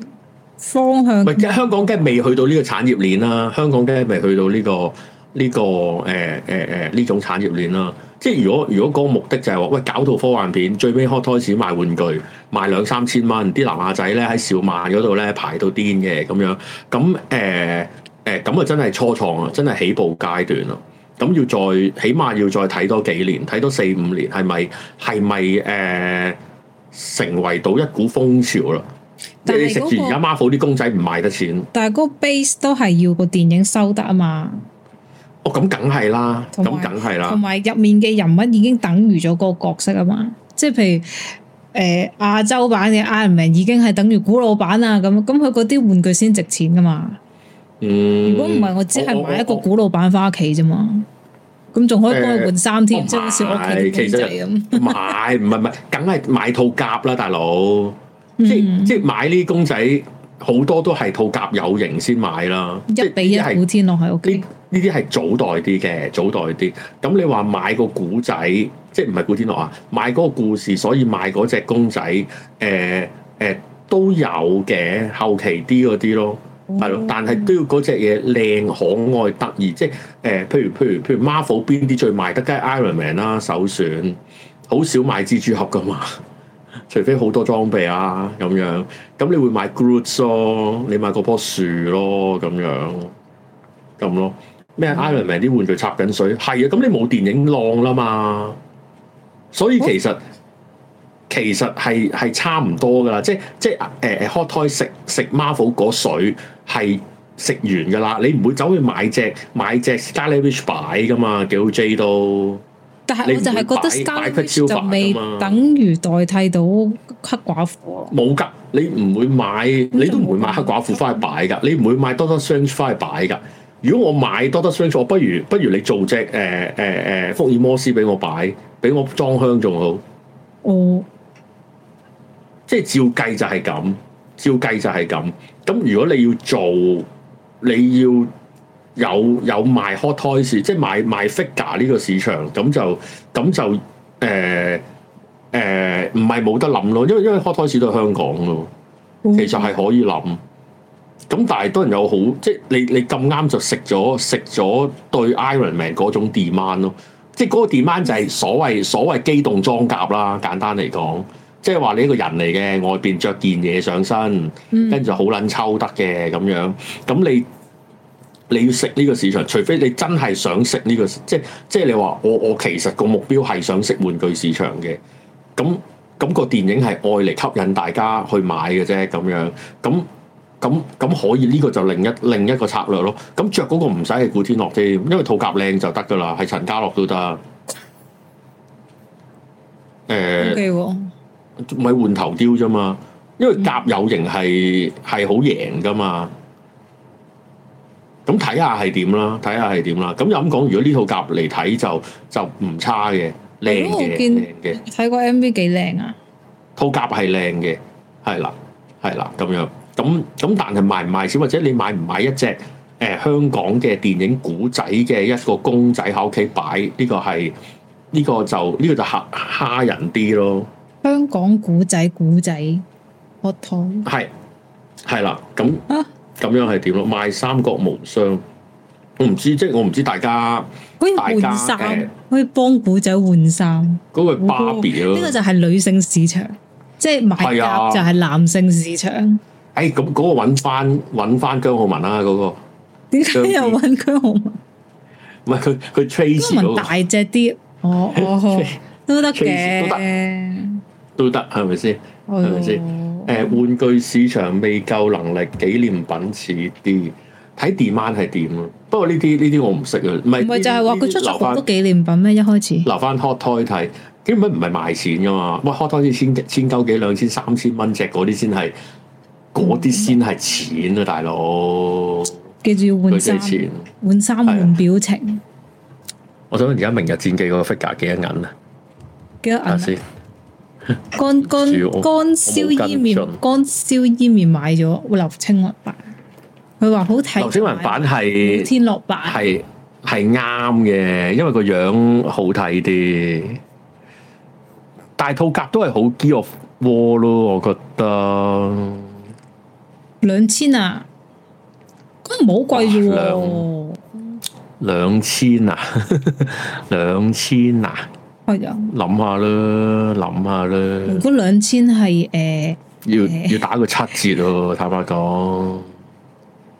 方向。香港梗係未去到呢個產業鏈啦。香港梗係未去到呢個呢個誒誒誒呢種產業鏈啦。即係如果如果嗰個目的就係話，喂、欸，搞套科幻片，最尾開開始賣玩具，賣兩三千蚊，啲南亞仔咧喺兆萬嗰度咧排到癲嘅咁樣。咁誒誒，咁、欸、啊真係初創啊，真係起步階段啊。咁要再，起碼要再睇多幾年，睇多四五年，係咪係咪誒成為到一股風潮啦？即係你食住而家 Marvel 啲公仔唔賣得錢。但係嗰個 base 都係要個電影收得啊嘛。哦，咁梗係啦，咁梗係啦。同埋入面嘅人物已經等於咗個角色啊嘛。即係譬如誒、呃、亞洲版嘅 Iron Man 已經係等於古老版啊咁，咁佢嗰啲玩具先值錢噶嘛。嗯，如果唔係我只係買一個古老闆翻屋企啫嘛，咁仲、哦哦、可以幫佢換衫添，即係好似屋企古仔咁。買唔係唔係，梗係買套夾啦，大佬。即係即係買呢公仔，好多都係套夾有型先買啦。一比一古天樂喺屋企呢啲係早代啲嘅，早代啲。咁你話買個古仔，即係唔係古天樂啊？買嗰個故事，所以買嗰隻公仔，誒、呃、誒、呃、都有嘅，後期啲嗰啲咯。係咯，mm hmm。但係都要嗰隻嘢靚、可愛、得意，即係誒、呃，譬如譬如譬如 Marvel 邊啲最賣得，梗係 Iron Man 啦、啊，首選。好少買蜘蛛俠㗎嘛，除非好多裝備啊咁樣。咁你會買 Groot 咯，你買嗰棵樹咯咁樣。咁咯，咩 Iron Man 啲玩具插緊水，係啊、mm，咁、hmm。你冇電影浪啦嘛。所以其實。Mm hmm. 其實係係差唔多噶啦，即即誒 hot toy 食食 Marvel 嗰水係食完噶啦，你唔會走去買隻買隻 Garlicfish 擺噶嘛，幾好 J 都。但係我就係覺得 Garlicfish 就未等於代替到黑寡婦。冇㗎，你唔會買，你都唔會買黑寡婦翻去擺㗎，你唔會買 Doctor Strange 翻去擺㗎。如果我買 Doctor Strange，我不如不如你做隻誒誒誒福爾摩斯俾我擺，俾我裝香仲好。哦。即係照計就係咁，照計就係咁。咁如果你要做，你要有有賣 hot toys，即係賣賣 figure 呢個市場，咁就咁就誒誒，唔係冇得諗咯。因為因為 hot toys 都係香港咯，其實係可以諗。咁但係當然有好，即係你你咁啱就食咗食咗對 Iron Man 嗰種 demand 咯，即係嗰個 demand 就係所謂所謂機動裝甲啦，簡單嚟講。即係話你一個人嚟嘅，外邊着件嘢上身，跟住就好捻抽得嘅咁樣。咁你你要食呢個市場，除非你真係想食呢個，即係即係你話我我其實個目標係想食玩具市場嘅。咁咁個電影係愛嚟吸引大家去買嘅啫，咁樣咁咁咁可以呢個就另一另一個策略咯。咁着嗰個唔使係古天樂啫，因為套夾靚就得噶啦，係陳家樂都得。誒。咪換頭雕啫嘛，因為甲有型係係好贏㗎嘛。咁睇下係點啦，睇下係點啦。咁又咁講，如果呢套甲嚟睇就就唔差嘅，靚嘅。睇過 MV 幾靚啊？套甲係靚嘅，係啦，係啦，咁樣。咁咁，但係買唔買先？或者你買唔買一隻？誒、呃，香港嘅電影古仔嘅一個公仔喺屋企擺？呢個係呢個就呢個就嚇人啲咯。香港古仔古仔，學堂，係係啦，咁咁樣係點咯？賣三國無雙，我唔知，即係我唔知大家，可以換衫，可以幫古仔換衫。嗰個芭比咯，呢個就係女性市場，即係買甲就係男性市場。哎，咁嗰個搵翻搵翻姜浩文啦，嗰個點解又搵姜浩文？唔係佢佢 Trace 姜浩文大隻啲，哦，哦都得嘅。都得，係咪先？係咪先？誒、 [noise] [noise] 欸，玩具市場未夠能力，紀念品似啲，睇 demand 係點。不過呢啲呢啲我唔識啊。唔係就係話佢出咗好多紀念品咩？一開始留翻 Hot Toys 睇，根本唔係賣錢噶嘛。喂，Hot Toys 先千千,千九幾兩千三千蚊隻嗰啲先係嗰啲先係錢啊，大佬！記住要換衫，錢換衫換表情。我想問而家明日戰記個 figure 幾多銀多啊？幾多銀、啊？乾乾乾燒伊麵，乾燒伊麵買咗會劉青雲版，佢話好睇，劉青雲版係古天樂版，係係啱嘅，因為個樣好睇啲。大套夾都係好 Gear of War 咯，我覺得。兩千啊，咁又冇貴嘅喎。兩千啊，兩千啊。諗下啦，諗下啦。如果兩千係誒，呃、要、呃、要打個七折喎， [laughs] 坦白講。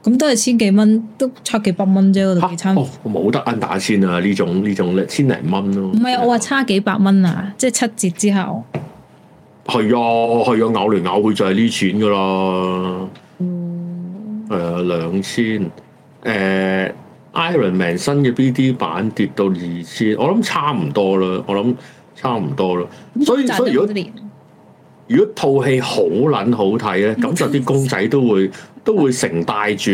咁、嗯、都係千幾蚊，都差幾百蚊啫，嗰度幾差、啊。哦，冇得 under 千啊，呢種呢種咧千零蚊咯。唔係我話差幾百蚊啊，呃、即係七折之後。係啊，係啊，咬嚟咬去就係呢錢噶啦。嗯。啊、哎，兩千誒。Iron Man 新嘅 BD 版跌到二千，我諗差唔多啦，我諗差唔多啦。所以所以如果如果套戲好捻好睇咧，咁就啲公仔都會都會成帶住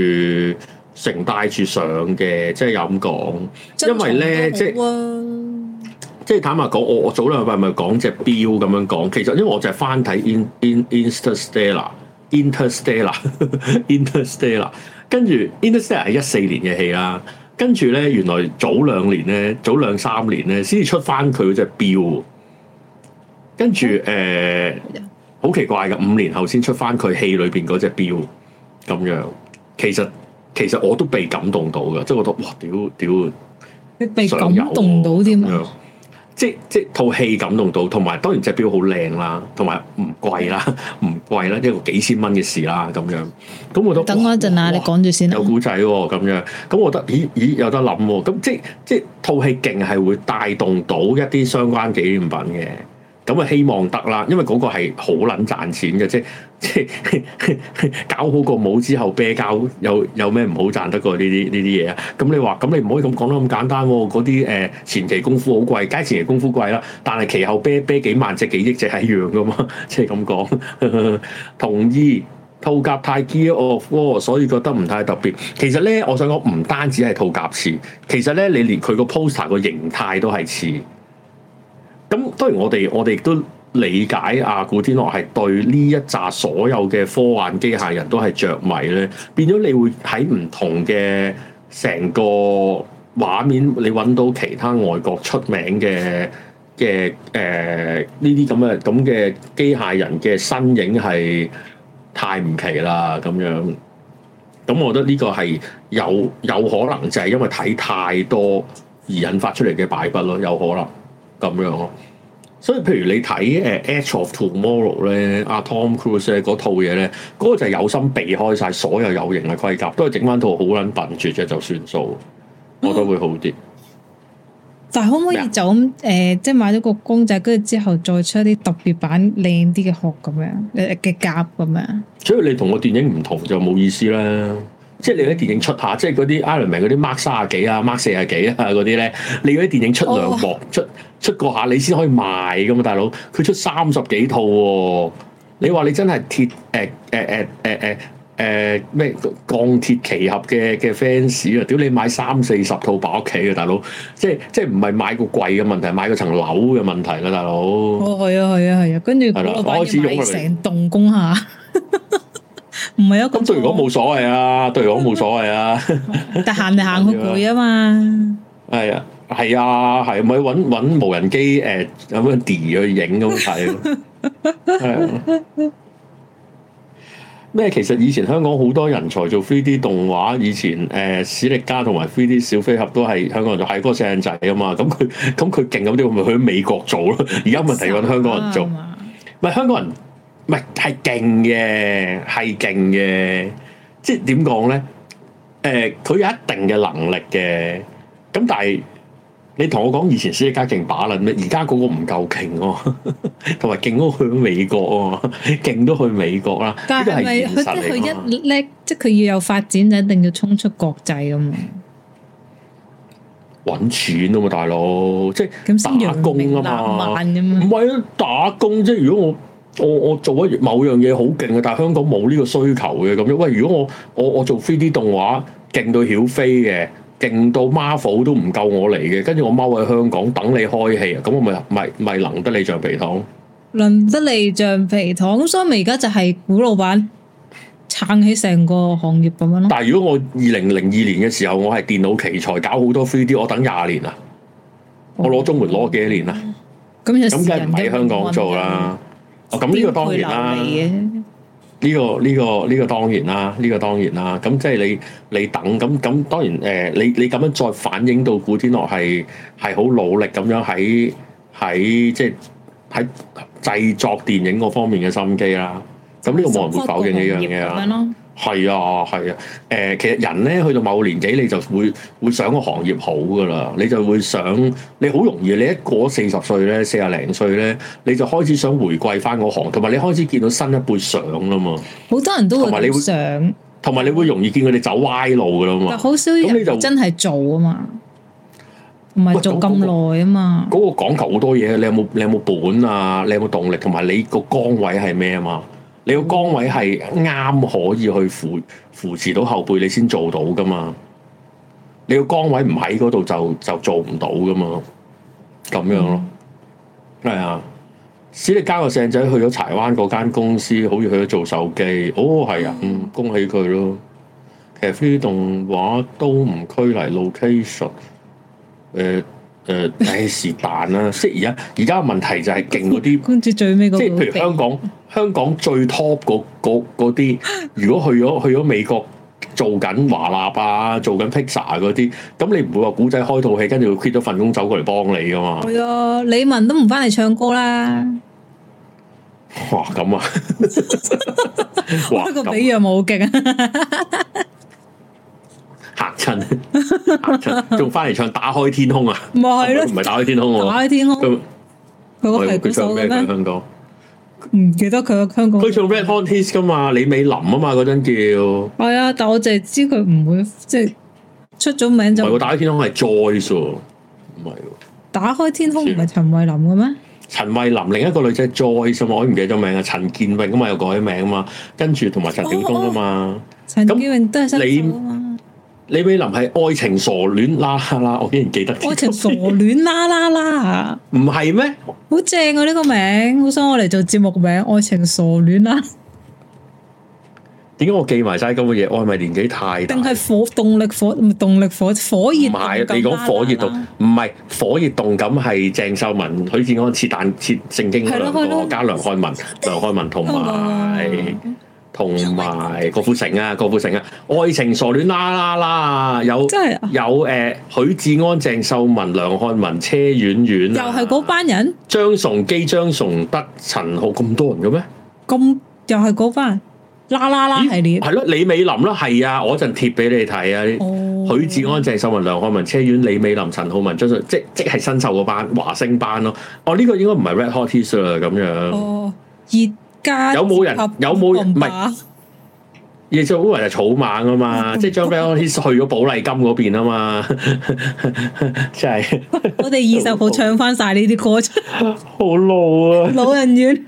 成帶住上嘅，即係又咁講。因為咧、啊，即係即係坦白講，我我早兩日咪咪講隻表咁樣講，其實因為我就係翻睇 in in Interstellar Interstellar [laughs] Interstellar。跟住《Interstellar》係一四年嘅戲啦，跟住咧原來早兩年咧，早兩三年咧先至出翻佢嗰隻表，跟住誒，好、呃、奇怪嘅，五年後先出翻佢戲裏邊嗰隻表，咁樣，其實其實我都被感動到嘅，即係覺得哇，屌屌，你被感動到添。即即套戲感動到，同埋當然隻表好靚啦，同埋唔貴啦，唔貴啦，一個幾千蚊嘅事啦咁樣。咁我都等我一陣哇啊，你講住先。有古仔喎，咁樣咁我覺得咦咦有得諗喎，咁即即套戲勁係會帶動到一啲相關紀念品嘅，咁啊希望得啦，因為嗰個係好撚賺錢嘅啫。即即係 [laughs] 搞好個帽之後，啤膠有有咩唔好賺得過呢啲呢啲嘢啊？咁你話，咁你唔可以咁講得咁簡單喎，哦？嗰啲誒前期功夫好貴，階前期功夫貴啦，但係其後啤啤幾萬隻、幾億隻係一樣噶嘛？即係咁講， [laughs] 同意。套夾太 gear off，所以覺得唔太特別。其實咧，我想講唔單止係套夾似，其實咧，你連佢個 poster 個形態都係似。咁當然我，我哋我哋亦都。理解啊，古天樂係對呢一紮所有嘅科幻機械人都係着迷咧，變咗你會喺唔同嘅成個畫面，你搵到其他外國出名嘅嘅誒呢啲咁嘅咁嘅機械人嘅身影係太唔奇啦咁樣。咁我覺得呢個係有有可能就係因為睇太多而引發出嚟嘅敗筆咯，有可能咁樣咯。所以，譬如你睇《誒 Edge of Tomorrow、啊》咧，阿 Tom Cruise 嗰套嘢咧，嗰、那個就係有心避開晒所有有型嘅盔甲，都係整翻套好撚笨住啫，就算數，我覺得會好啲、嗯。但係可唔可以麼就咁誒、呃，即係買咗個公仔，跟住之後再出一啲特別版靚啲嘅殼咁樣嘅夾咁樣？呃、樣所以你同個電影唔同就冇意思啦。即係你啲電影出下，即係嗰啲 Iron Man 嗰啲 Mark 三十幾啊 Mark 四十幾啊嗰啲咧，你嗰啲電影出兩部出。 [laughs] 出個下你先可以賣㗎嘛，大佬！佢出三十幾套喎，你話你真係鐵誒誒誒誒誒誒咩鋼鐵奇俠嘅嘅 fans 啊！屌你買三四十套擺屋企啊，大佬！即係即係唔係買個櫃嘅問題，買個層樓嘅問題啦，大佬。哦，係 [music] 啊，係啊，係啊，跟住開始用成棟工廈、啊，唔係 [music] [laughs] 一個。咁對講冇所謂啊，對講冇所謂啊， [laughs] [laughs] 但行嚟行去好攰啊嘛。係啊。 [music] [music] [music] [music] 係啊，係咪揾揾無人機？誒有咩 D 去影咁睇咯？係咩？其實以前香港好多人才做 three D 動畫，以前誒史力加同埋 three D 小飛俠都係香港人做，係嗰個靚仔啊嘛。咁佢咁佢勁咁啲，會唔會去美國做咯。而家問題揾香港人做，唔係香港人，唔係係勁嘅，係勁嘅，即係點講咧？誒，佢有一定嘅能力嘅，咁但係。你同我講以前史力嘉勁把撚咩？而家嗰個唔夠勁喎、啊，同埋勁都去美國喎、啊，勁都去美國啦、啊。但係佢一叻，即係佢要有發展就一定要衝出國際啊嘛。揾、嗯、錢啊嘛，大佬，即係咁樣打工啊嘛，唔係啊，打工即係如果我我我做一某樣嘢好勁啊，但係香港冇呢個需求嘅咁樣。喂，如果我我我做 3D 動畫勁到曉飛嘅。勁到 Marvel 都唔夠我嚟嘅，跟住我踎喺香港等你開戲啊！咁我咪咪咪能得你橡皮糖，能得你橡皮糖咁，所以咪而家就係古老闆撐起成個行業咁樣咯。但係如果我二零零二年嘅時候，我係電腦奇才，搞好多 three d 我等廿年，好年啊！我攞中環攞咗幾多年啊？咁咁梗係唔喺香港做啦？咁呢、哦、個當然啦。呢個呢個呢個當然啦，呢個當然啦。咁即係你你等咁咁，當然誒，你你咁樣再反映到古天樂係係好努力咁樣喺喺即係喺製作電影嗰方面嘅心機啦。咁呢個冇人會否認呢樣嘢啦。係啊，係啊，誒、呃，其實人咧去到某個年紀，你就會會想個行業好噶啦，你就會想：「你好容易，你一過四十歲咧，四十零歲咧，你就開始想回饋翻嗰行，同埋你開始見到新一輩上啦嘛。好多人都同會想，同埋你，你會容易見佢哋走歪路噶啦嘛。好少人真係做啊嘛，唔係做咁耐啊嘛。嗰、那個那個那個講求好多嘢，你有冇你有冇本啊？你有冇動力？同埋你個崗位係咩啊嘛？你個崗位係啱可以去扶扶持到後輩，你先做到㗎嘛。你個崗位唔喺嗰度就就做唔到㗎嘛。咁樣咯，係、mm hmm. 啊。史力加個靚仔去咗柴灣嗰間公司，好似去咗做手機。哦，係啊，嗯，恭喜佢咯。其實呢啲動畫都唔拘泥 location、欸。誒。誒、呃，唉，是但啦。即而家，而家嘅問題就係勁嗰啲， [laughs] 即係譬如香港， [laughs] 香港最 top 嗰啲、嗰個，如果去咗去咗美國做緊華納啊，做緊 Pixar 嗰啲，咁你唔會話古仔開套戲，跟住佢 quit 咗份工走過嚟幫你㗎嘛？係啊，李玟都唔翻嚟唱歌啦。哇，咁啊！不過比樣冇勁。拍親，仲翻嚟唱打開、啊、 [laughs] 打開天空啊？唔係咯，唔係打開天空，打開天空。佢佢唱咩？佢香港唔記得佢喺香港。佢唱 Red Hot Kiss 噶嘛？李美林啊嘛，嗰、那、陣、個、叫。係啊、 [laughs] 哎，但係我淨係知佢唔會即係出咗名就。唔係，打開天空係 Joy，唔係。 [laughs] 的打開天空唔係陳慧琳嘅咩？陳 [laughs] 慧琳另一個女仔 Joy 啊嘛，我唔記得咗名啊。陳建斌啊嘛，又改名啊嘛，跟住同埋陳曉東啊嘛。陳、哦哦、建斌都係新嚟啊嘛。麼李美琳係愛情傻戀啦啦啦，我竟然記得。愛情傻戀啦啦啦，唔係咩？好正啊！呢、這個名，好想我嚟做節目名《愛情傻戀啦》。點解我記埋晒咁嘅嘢？我係咪年紀太大定係火動力火？唔係動力火，火熱唔係。你講火熱動，唔係火熱動感係鄭秀文、許志安、謝旦、謝正經嗰兩個加梁漢文、梁漢文同埋。 [laughs] [laughs] 同埋郭富城啊，郭富城啊，愛情傻戀啦啦啦，有真係、啊、有誒、呃、許志安、鄭秀文、梁漢文、車婉婉、啊，又係嗰班人。張崇基、張崇德、陳浩咁多人嘅咩？咁又係嗰班人啦啦啦系列，係咯李美琳咯，係啊，我陣貼俾你睇啊。哦，許志安、鄭秀文、梁漢文、車婉、李美琳、陳浩文、張崇即即係新秀嗰班華星班咯、啊。哦，呢、這個應該唔係 Red Hot T 恤啊咁樣。哦，熱。有冇人有冇人唔係？葉好文就草蜢啊嘛， [laughs] 即係張碧芳先去咗寶麗金嗰邊啊嘛，真係。我哋二十號唱翻晒呢啲歌出，好老啊！老人院，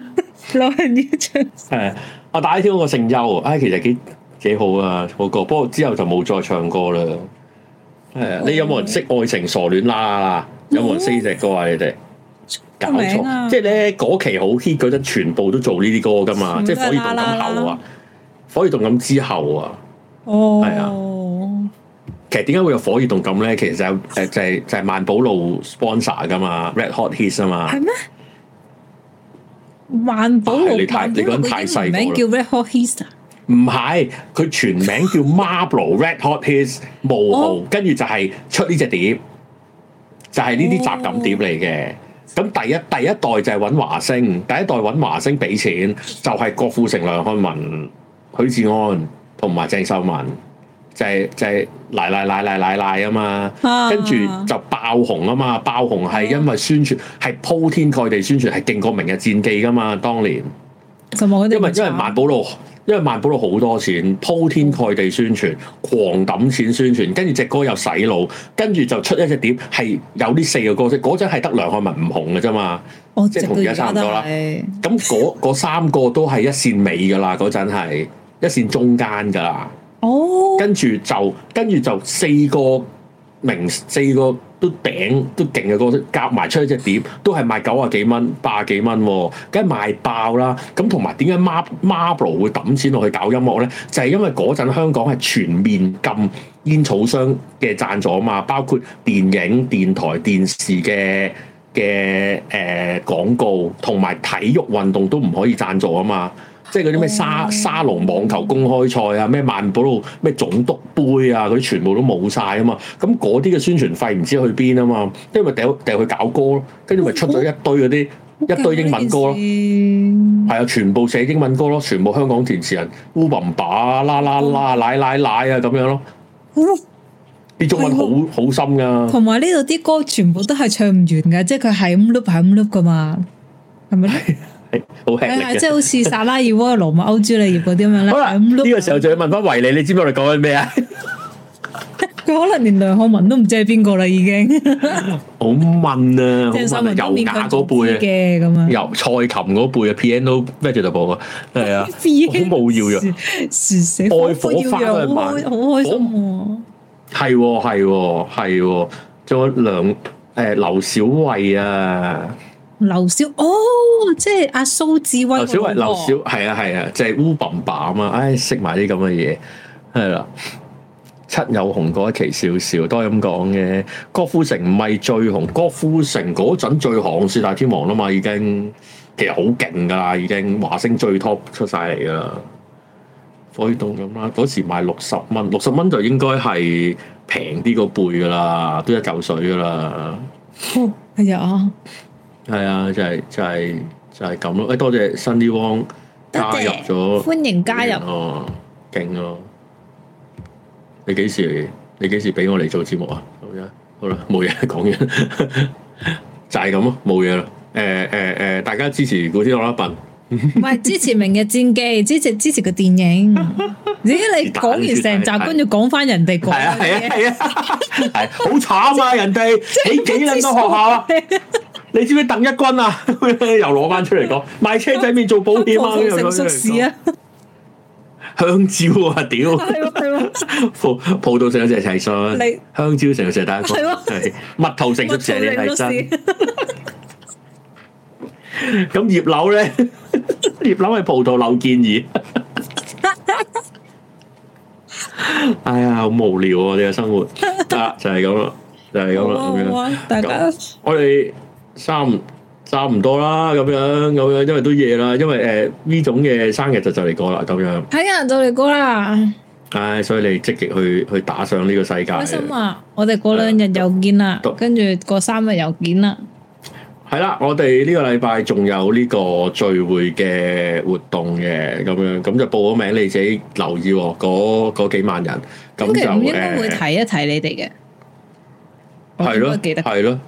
老人院唱。係， [laughs] 我第一聽個聖丘，哎，其實幾幾好啊，嗰個，不過之後就冇再唱歌啦。誒，你有冇人識愛情傻戀啦,啦,啦,啦？有冇人識隻歌啊？你哋？ [laughs] 搞錯，啊、即係咧嗰期好 hit 嗰陣，全部都做呢啲歌噶嘛，行即係《火熱動感後》啊，《火熱動感之後》啊，哦，係啊。其實點解會有《火熱動感》咧？其實就誒、是、就係、是、就係、是就是、萬寶路 sponsor 噶嘛，《Red Hot Hits》啊嘛。係咩？萬寶路你，寶你太你太細名叫 Red Hot Hits，唔係佢全名叫 Marlboro [laughs] Red Hot Hits，無號，哦、跟住就係出呢隻碟，就係呢啲雜錦碟嚟嘅。咁第一第一代就係揾華星，第一代揾華星俾錢，就係、是、郭富城、梁漢文、許志安同埋鄭秀文，就係、是、就係賴賴賴賴賴賴啊嘛，跟住就爆紅啊嘛，爆紅係因為宣傳，係、啊、鋪天蓋地宣傳，係勁過明日戰記㗎嘛，當年。因為因為萬寶路，因為萬寶路好多錢，鋪天蓋地宣傳，狂抌錢宣傳，跟住隻歌又洗腦，跟住就出一隻碟，係有呢四個歌星，嗰陣係得梁漢文唔紅嘅啫嘛，哦、即係同而家差唔多啦。咁嗰三個都係一線尾噶啦，嗰陣係一線中間噶啦。哦，跟住就跟住就四個。明四個都頂都勁嘅嗰個，夾埋出一隻碟都係賣九十幾蚊、八十幾蚊喎，哦，梗係賣爆啦！咁同埋點解 Mar Marlboro 會抌錢落去搞音樂咧？就係、是、因為嗰陣香港係全面禁煙草商嘅贊助啊嘛，包括電影、電台、電視嘅嘅誒廣告，同埋體育運動都唔可以贊助啊嘛。即係嗰啲咩沙沙龍網球公開賽啊，咩萬寶路咩總督杯啊，嗰啲全部都冇晒啊嘛！咁嗰啲嘅宣傳費唔知去邊啊嘛！跟住咪掉掉去搞歌咯，跟住咪出咗一堆嗰啲一堆英文歌咯，係啊，全部寫英文歌咯，全部香港電視人，uba 唔把啦啦啦，奶奶奶啊咁樣咯，啲中文好好深噶，同埋呢度啲歌全部都係唱唔完噶，即係佢係咁 loop 係咁 loop 噶嘛，係咪？ [music] 吃 [laughs] 好吃即係好似撒拉爾窩、羅馬歐朱麗葉嗰啲咁樣咧。呢個時候就要問翻維尼：「你知唔 [laughs] [laughs] 知我哋講緊咩啊？佢可能連梁漢文都唔知係邊個啦，已經好文啊，聽新聞又假咗輩嘅咁啊，又蔡琴嗰輩啊，Piano Vegetable 嘅係啊，已經冇要咗，愛火發開好開心。係、啊，係、啊，係、啊，仲有兩誒劉小慧啊。劉少哦，即係阿蘇志威。劉少係劉少係啊係啊，即係烏笨板啊嘛！唉、就是，識埋啲咁嘅嘢係啦。七友紅過一期少少，都係咁講嘅。郭富城唔係最紅，郭富城嗰陣最紅，四大天王啦嘛已經，其實好勁噶啦，已經華星最 top 出晒嚟啦。科舉凍咁啦，嗰時賣六十蚊，六十蚊就應該係平啲個背噶啦，都一嚿水噶啦。係啊、哦。哎呀係啊、哎，就係、是、就係、是、就係咁咯。誒、哎，多謝 Sunny Wong 謝加入咗，歡迎加入哦，勁咯、哦！你幾時你幾時俾我嚟做節目啊？好嘅，好啦，冇嘢，講嘢， [laughs] 就係咁咯，冇嘢啦。誒誒誒，大家支持古天樂啦笨，唔 [laughs] 係支持明日戰記，支持支持個電影。咦， [laughs] 你講完成集，跟住講翻人哋，係啊係啊係啊，係好慘啊！啊啊人哋你幾靚個學校啊？ [laughs] 你知唔知鄧一軍啊？又攞翻出嚟講，賣車仔麵做保險啊！呢樣嘢，香蕉啊，屌！係喎，葡萄成日成齊信，你香蕉成日成大個，係，蜜桃成熟時你係真。咁葉柳咧，葉柳係葡萄柳建議。哎呀，好無聊啊！你嘅生活，得就係咁咯，就係咁咯。大家，我哋。三差唔多啦，咁樣咁樣，因為都夜啦，因為誒呢種嘅生日就就嚟過啦，咁樣係啊，就嚟過啦。唉，所以你積極去去打賞呢個世界。開心啊！我哋過兩日又見啦，跟住過三日又見啦。係啦，我哋呢個禮拜仲有呢個聚會嘅活動嘅，咁樣咁就報咗名，你自己留意嗰嗰幾萬人。咁其實應該會提一提你哋嘅。係咯，記得係咯。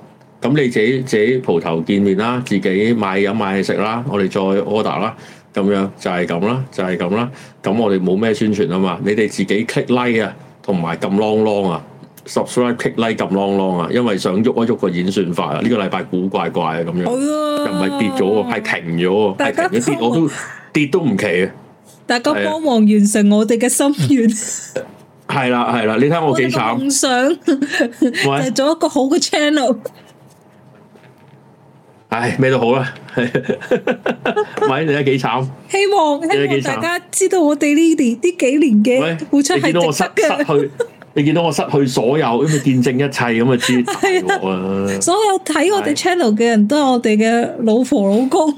咁你自己自己蒲頭見面啦，自己買飲買嘢食啦，我哋再 order 啦，咁樣就係咁啦，就係咁啦。咁我哋冇咩宣傳啊嘛，你哋自己 click like 啊，同埋撳 long long 啊，subscribe click like 撳 long long 啊，因為想喐一喐個演算法啊。呢個禮拜古怪怪啊咁樣，又唔係跌咗喎，係停咗喎，大家跌我都跌都唔奇啊！大家幫忙完成我哋嘅心願，係啦係啦，你睇我幾慘，想做一個好嘅 channel。唉，咩都好啦，咪 [laughs] 你都幾慘。希望希望大家知道我哋呢啲呢幾年嘅付出係值得嘅。你見到我失，失去， [laughs] 你見到我失去所有，因為見證一切咁啊，知，所有睇我哋 channel 嘅人都係我哋嘅老婆老公，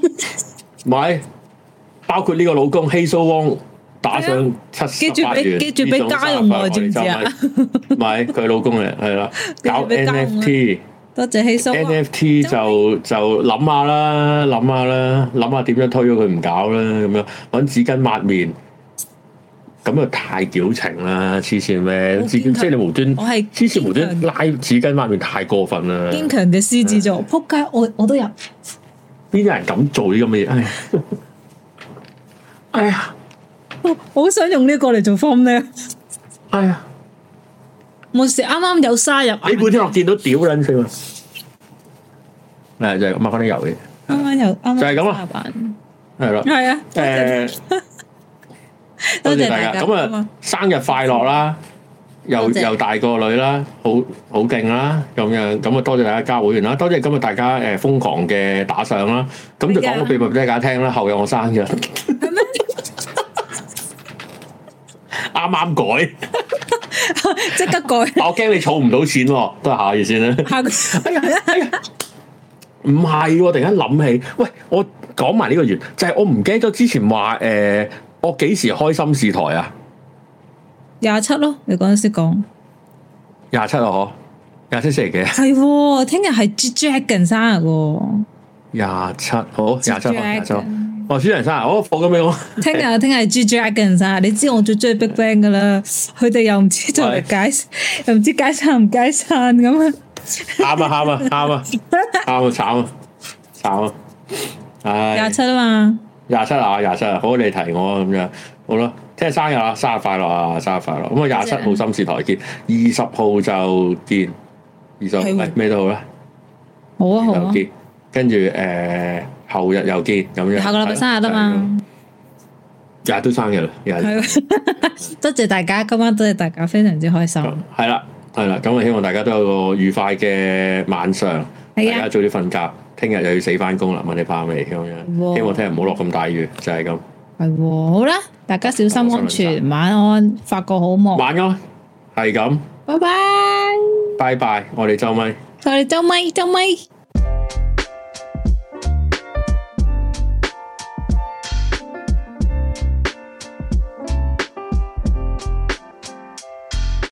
咪的 [laughs] 包括呢個老公 Hazel Wong 打上七十八元，記住俾記住俾家用啊！知唔知啊，咪 [laughs] 佢老公嚟，係啦，搞 NFT、啊。多謝希蘇、啊。NFT 就就諗下啦，諗下啦，諗下點樣推咗佢唔搞啦，咁樣搵紙巾抹面，咁又太矯情啦，黐線咩？黐線即係你無端，我係黐線無端拉紙巾抹面，太過分啦！堅強嘅獅子座，仆街！ [laughs] 我我都有，邊啲人敢做呢咁嘅嘢？哎呀，我好想用呢個嚟做風呢，哎 [laughs] 呀！冇事，啱啱有沙入，你半天落見到屌卵先嘛？誒，就係咁啊，翻啲油嘅，啱啱又，就係咁啦，係咯，係啊，誒，多謝大家，咁啊，生日快樂啦，又又大個女啦，好好勁啦，咁樣，咁啊，多謝大家交會員啦，多謝今日大家誒瘋狂嘅打賞啦，咁就講個秘密俾大家聽啦，後日我生嘅，咁樣，啱啱改。即 [laughs] 刻改！ [laughs] 我驚你儲唔到錢，都係下月先啦。下個月 [laughs] 哎，哎呀，唔係、啊，我突然間諗起，喂，我講埋呢個月，就係、是、我唔記得咗之前話，誒、呃，我幾時開心視台啊？廿七咯，你陣時講廿七啊，嗬，廿七係星期幾啊？係，聽日係 Jack 嘅生日喎。廿七，好廿七，下周。哦哦、我朱人生啊，我放咁俾我。聽日啊，聽日係 G-Dragon 生日，你知我最中意 BigBang 噶啦，佢哋又唔知做咩解，的又唔知解散唔解散咁啊！啱啊，啱 [laughs] 啊，啱啊，啱啊，慘啊，慘啊，唉。廿七啊嘛。廿七啊，廿七啊，好你提我咁、啊、樣，好啦，聽日生日啊，生日快樂啊，生日快樂。咁啊，廿七號心事台見，二十號就見，二十咩都好啦。好啊，好啊。台見，跟住誒。呃後日又見咁樣，下個禮拜生日啦嘛，日日都生日啦，日日。多謝大家，今晚多謝大家，非常之開心。係啦，係啦，咁啊，希望大家都有個愉快嘅晚上，大家早啲瞓覺，聽日又要死翻工啦。問你怕未咁樣？希望聽日唔好落咁大雨，就係咁。係，好啦，大家小心安全，晚安，發個好夢。晚安，係咁。拜拜，拜拜，我哋周咪，我哋周咪，周咪。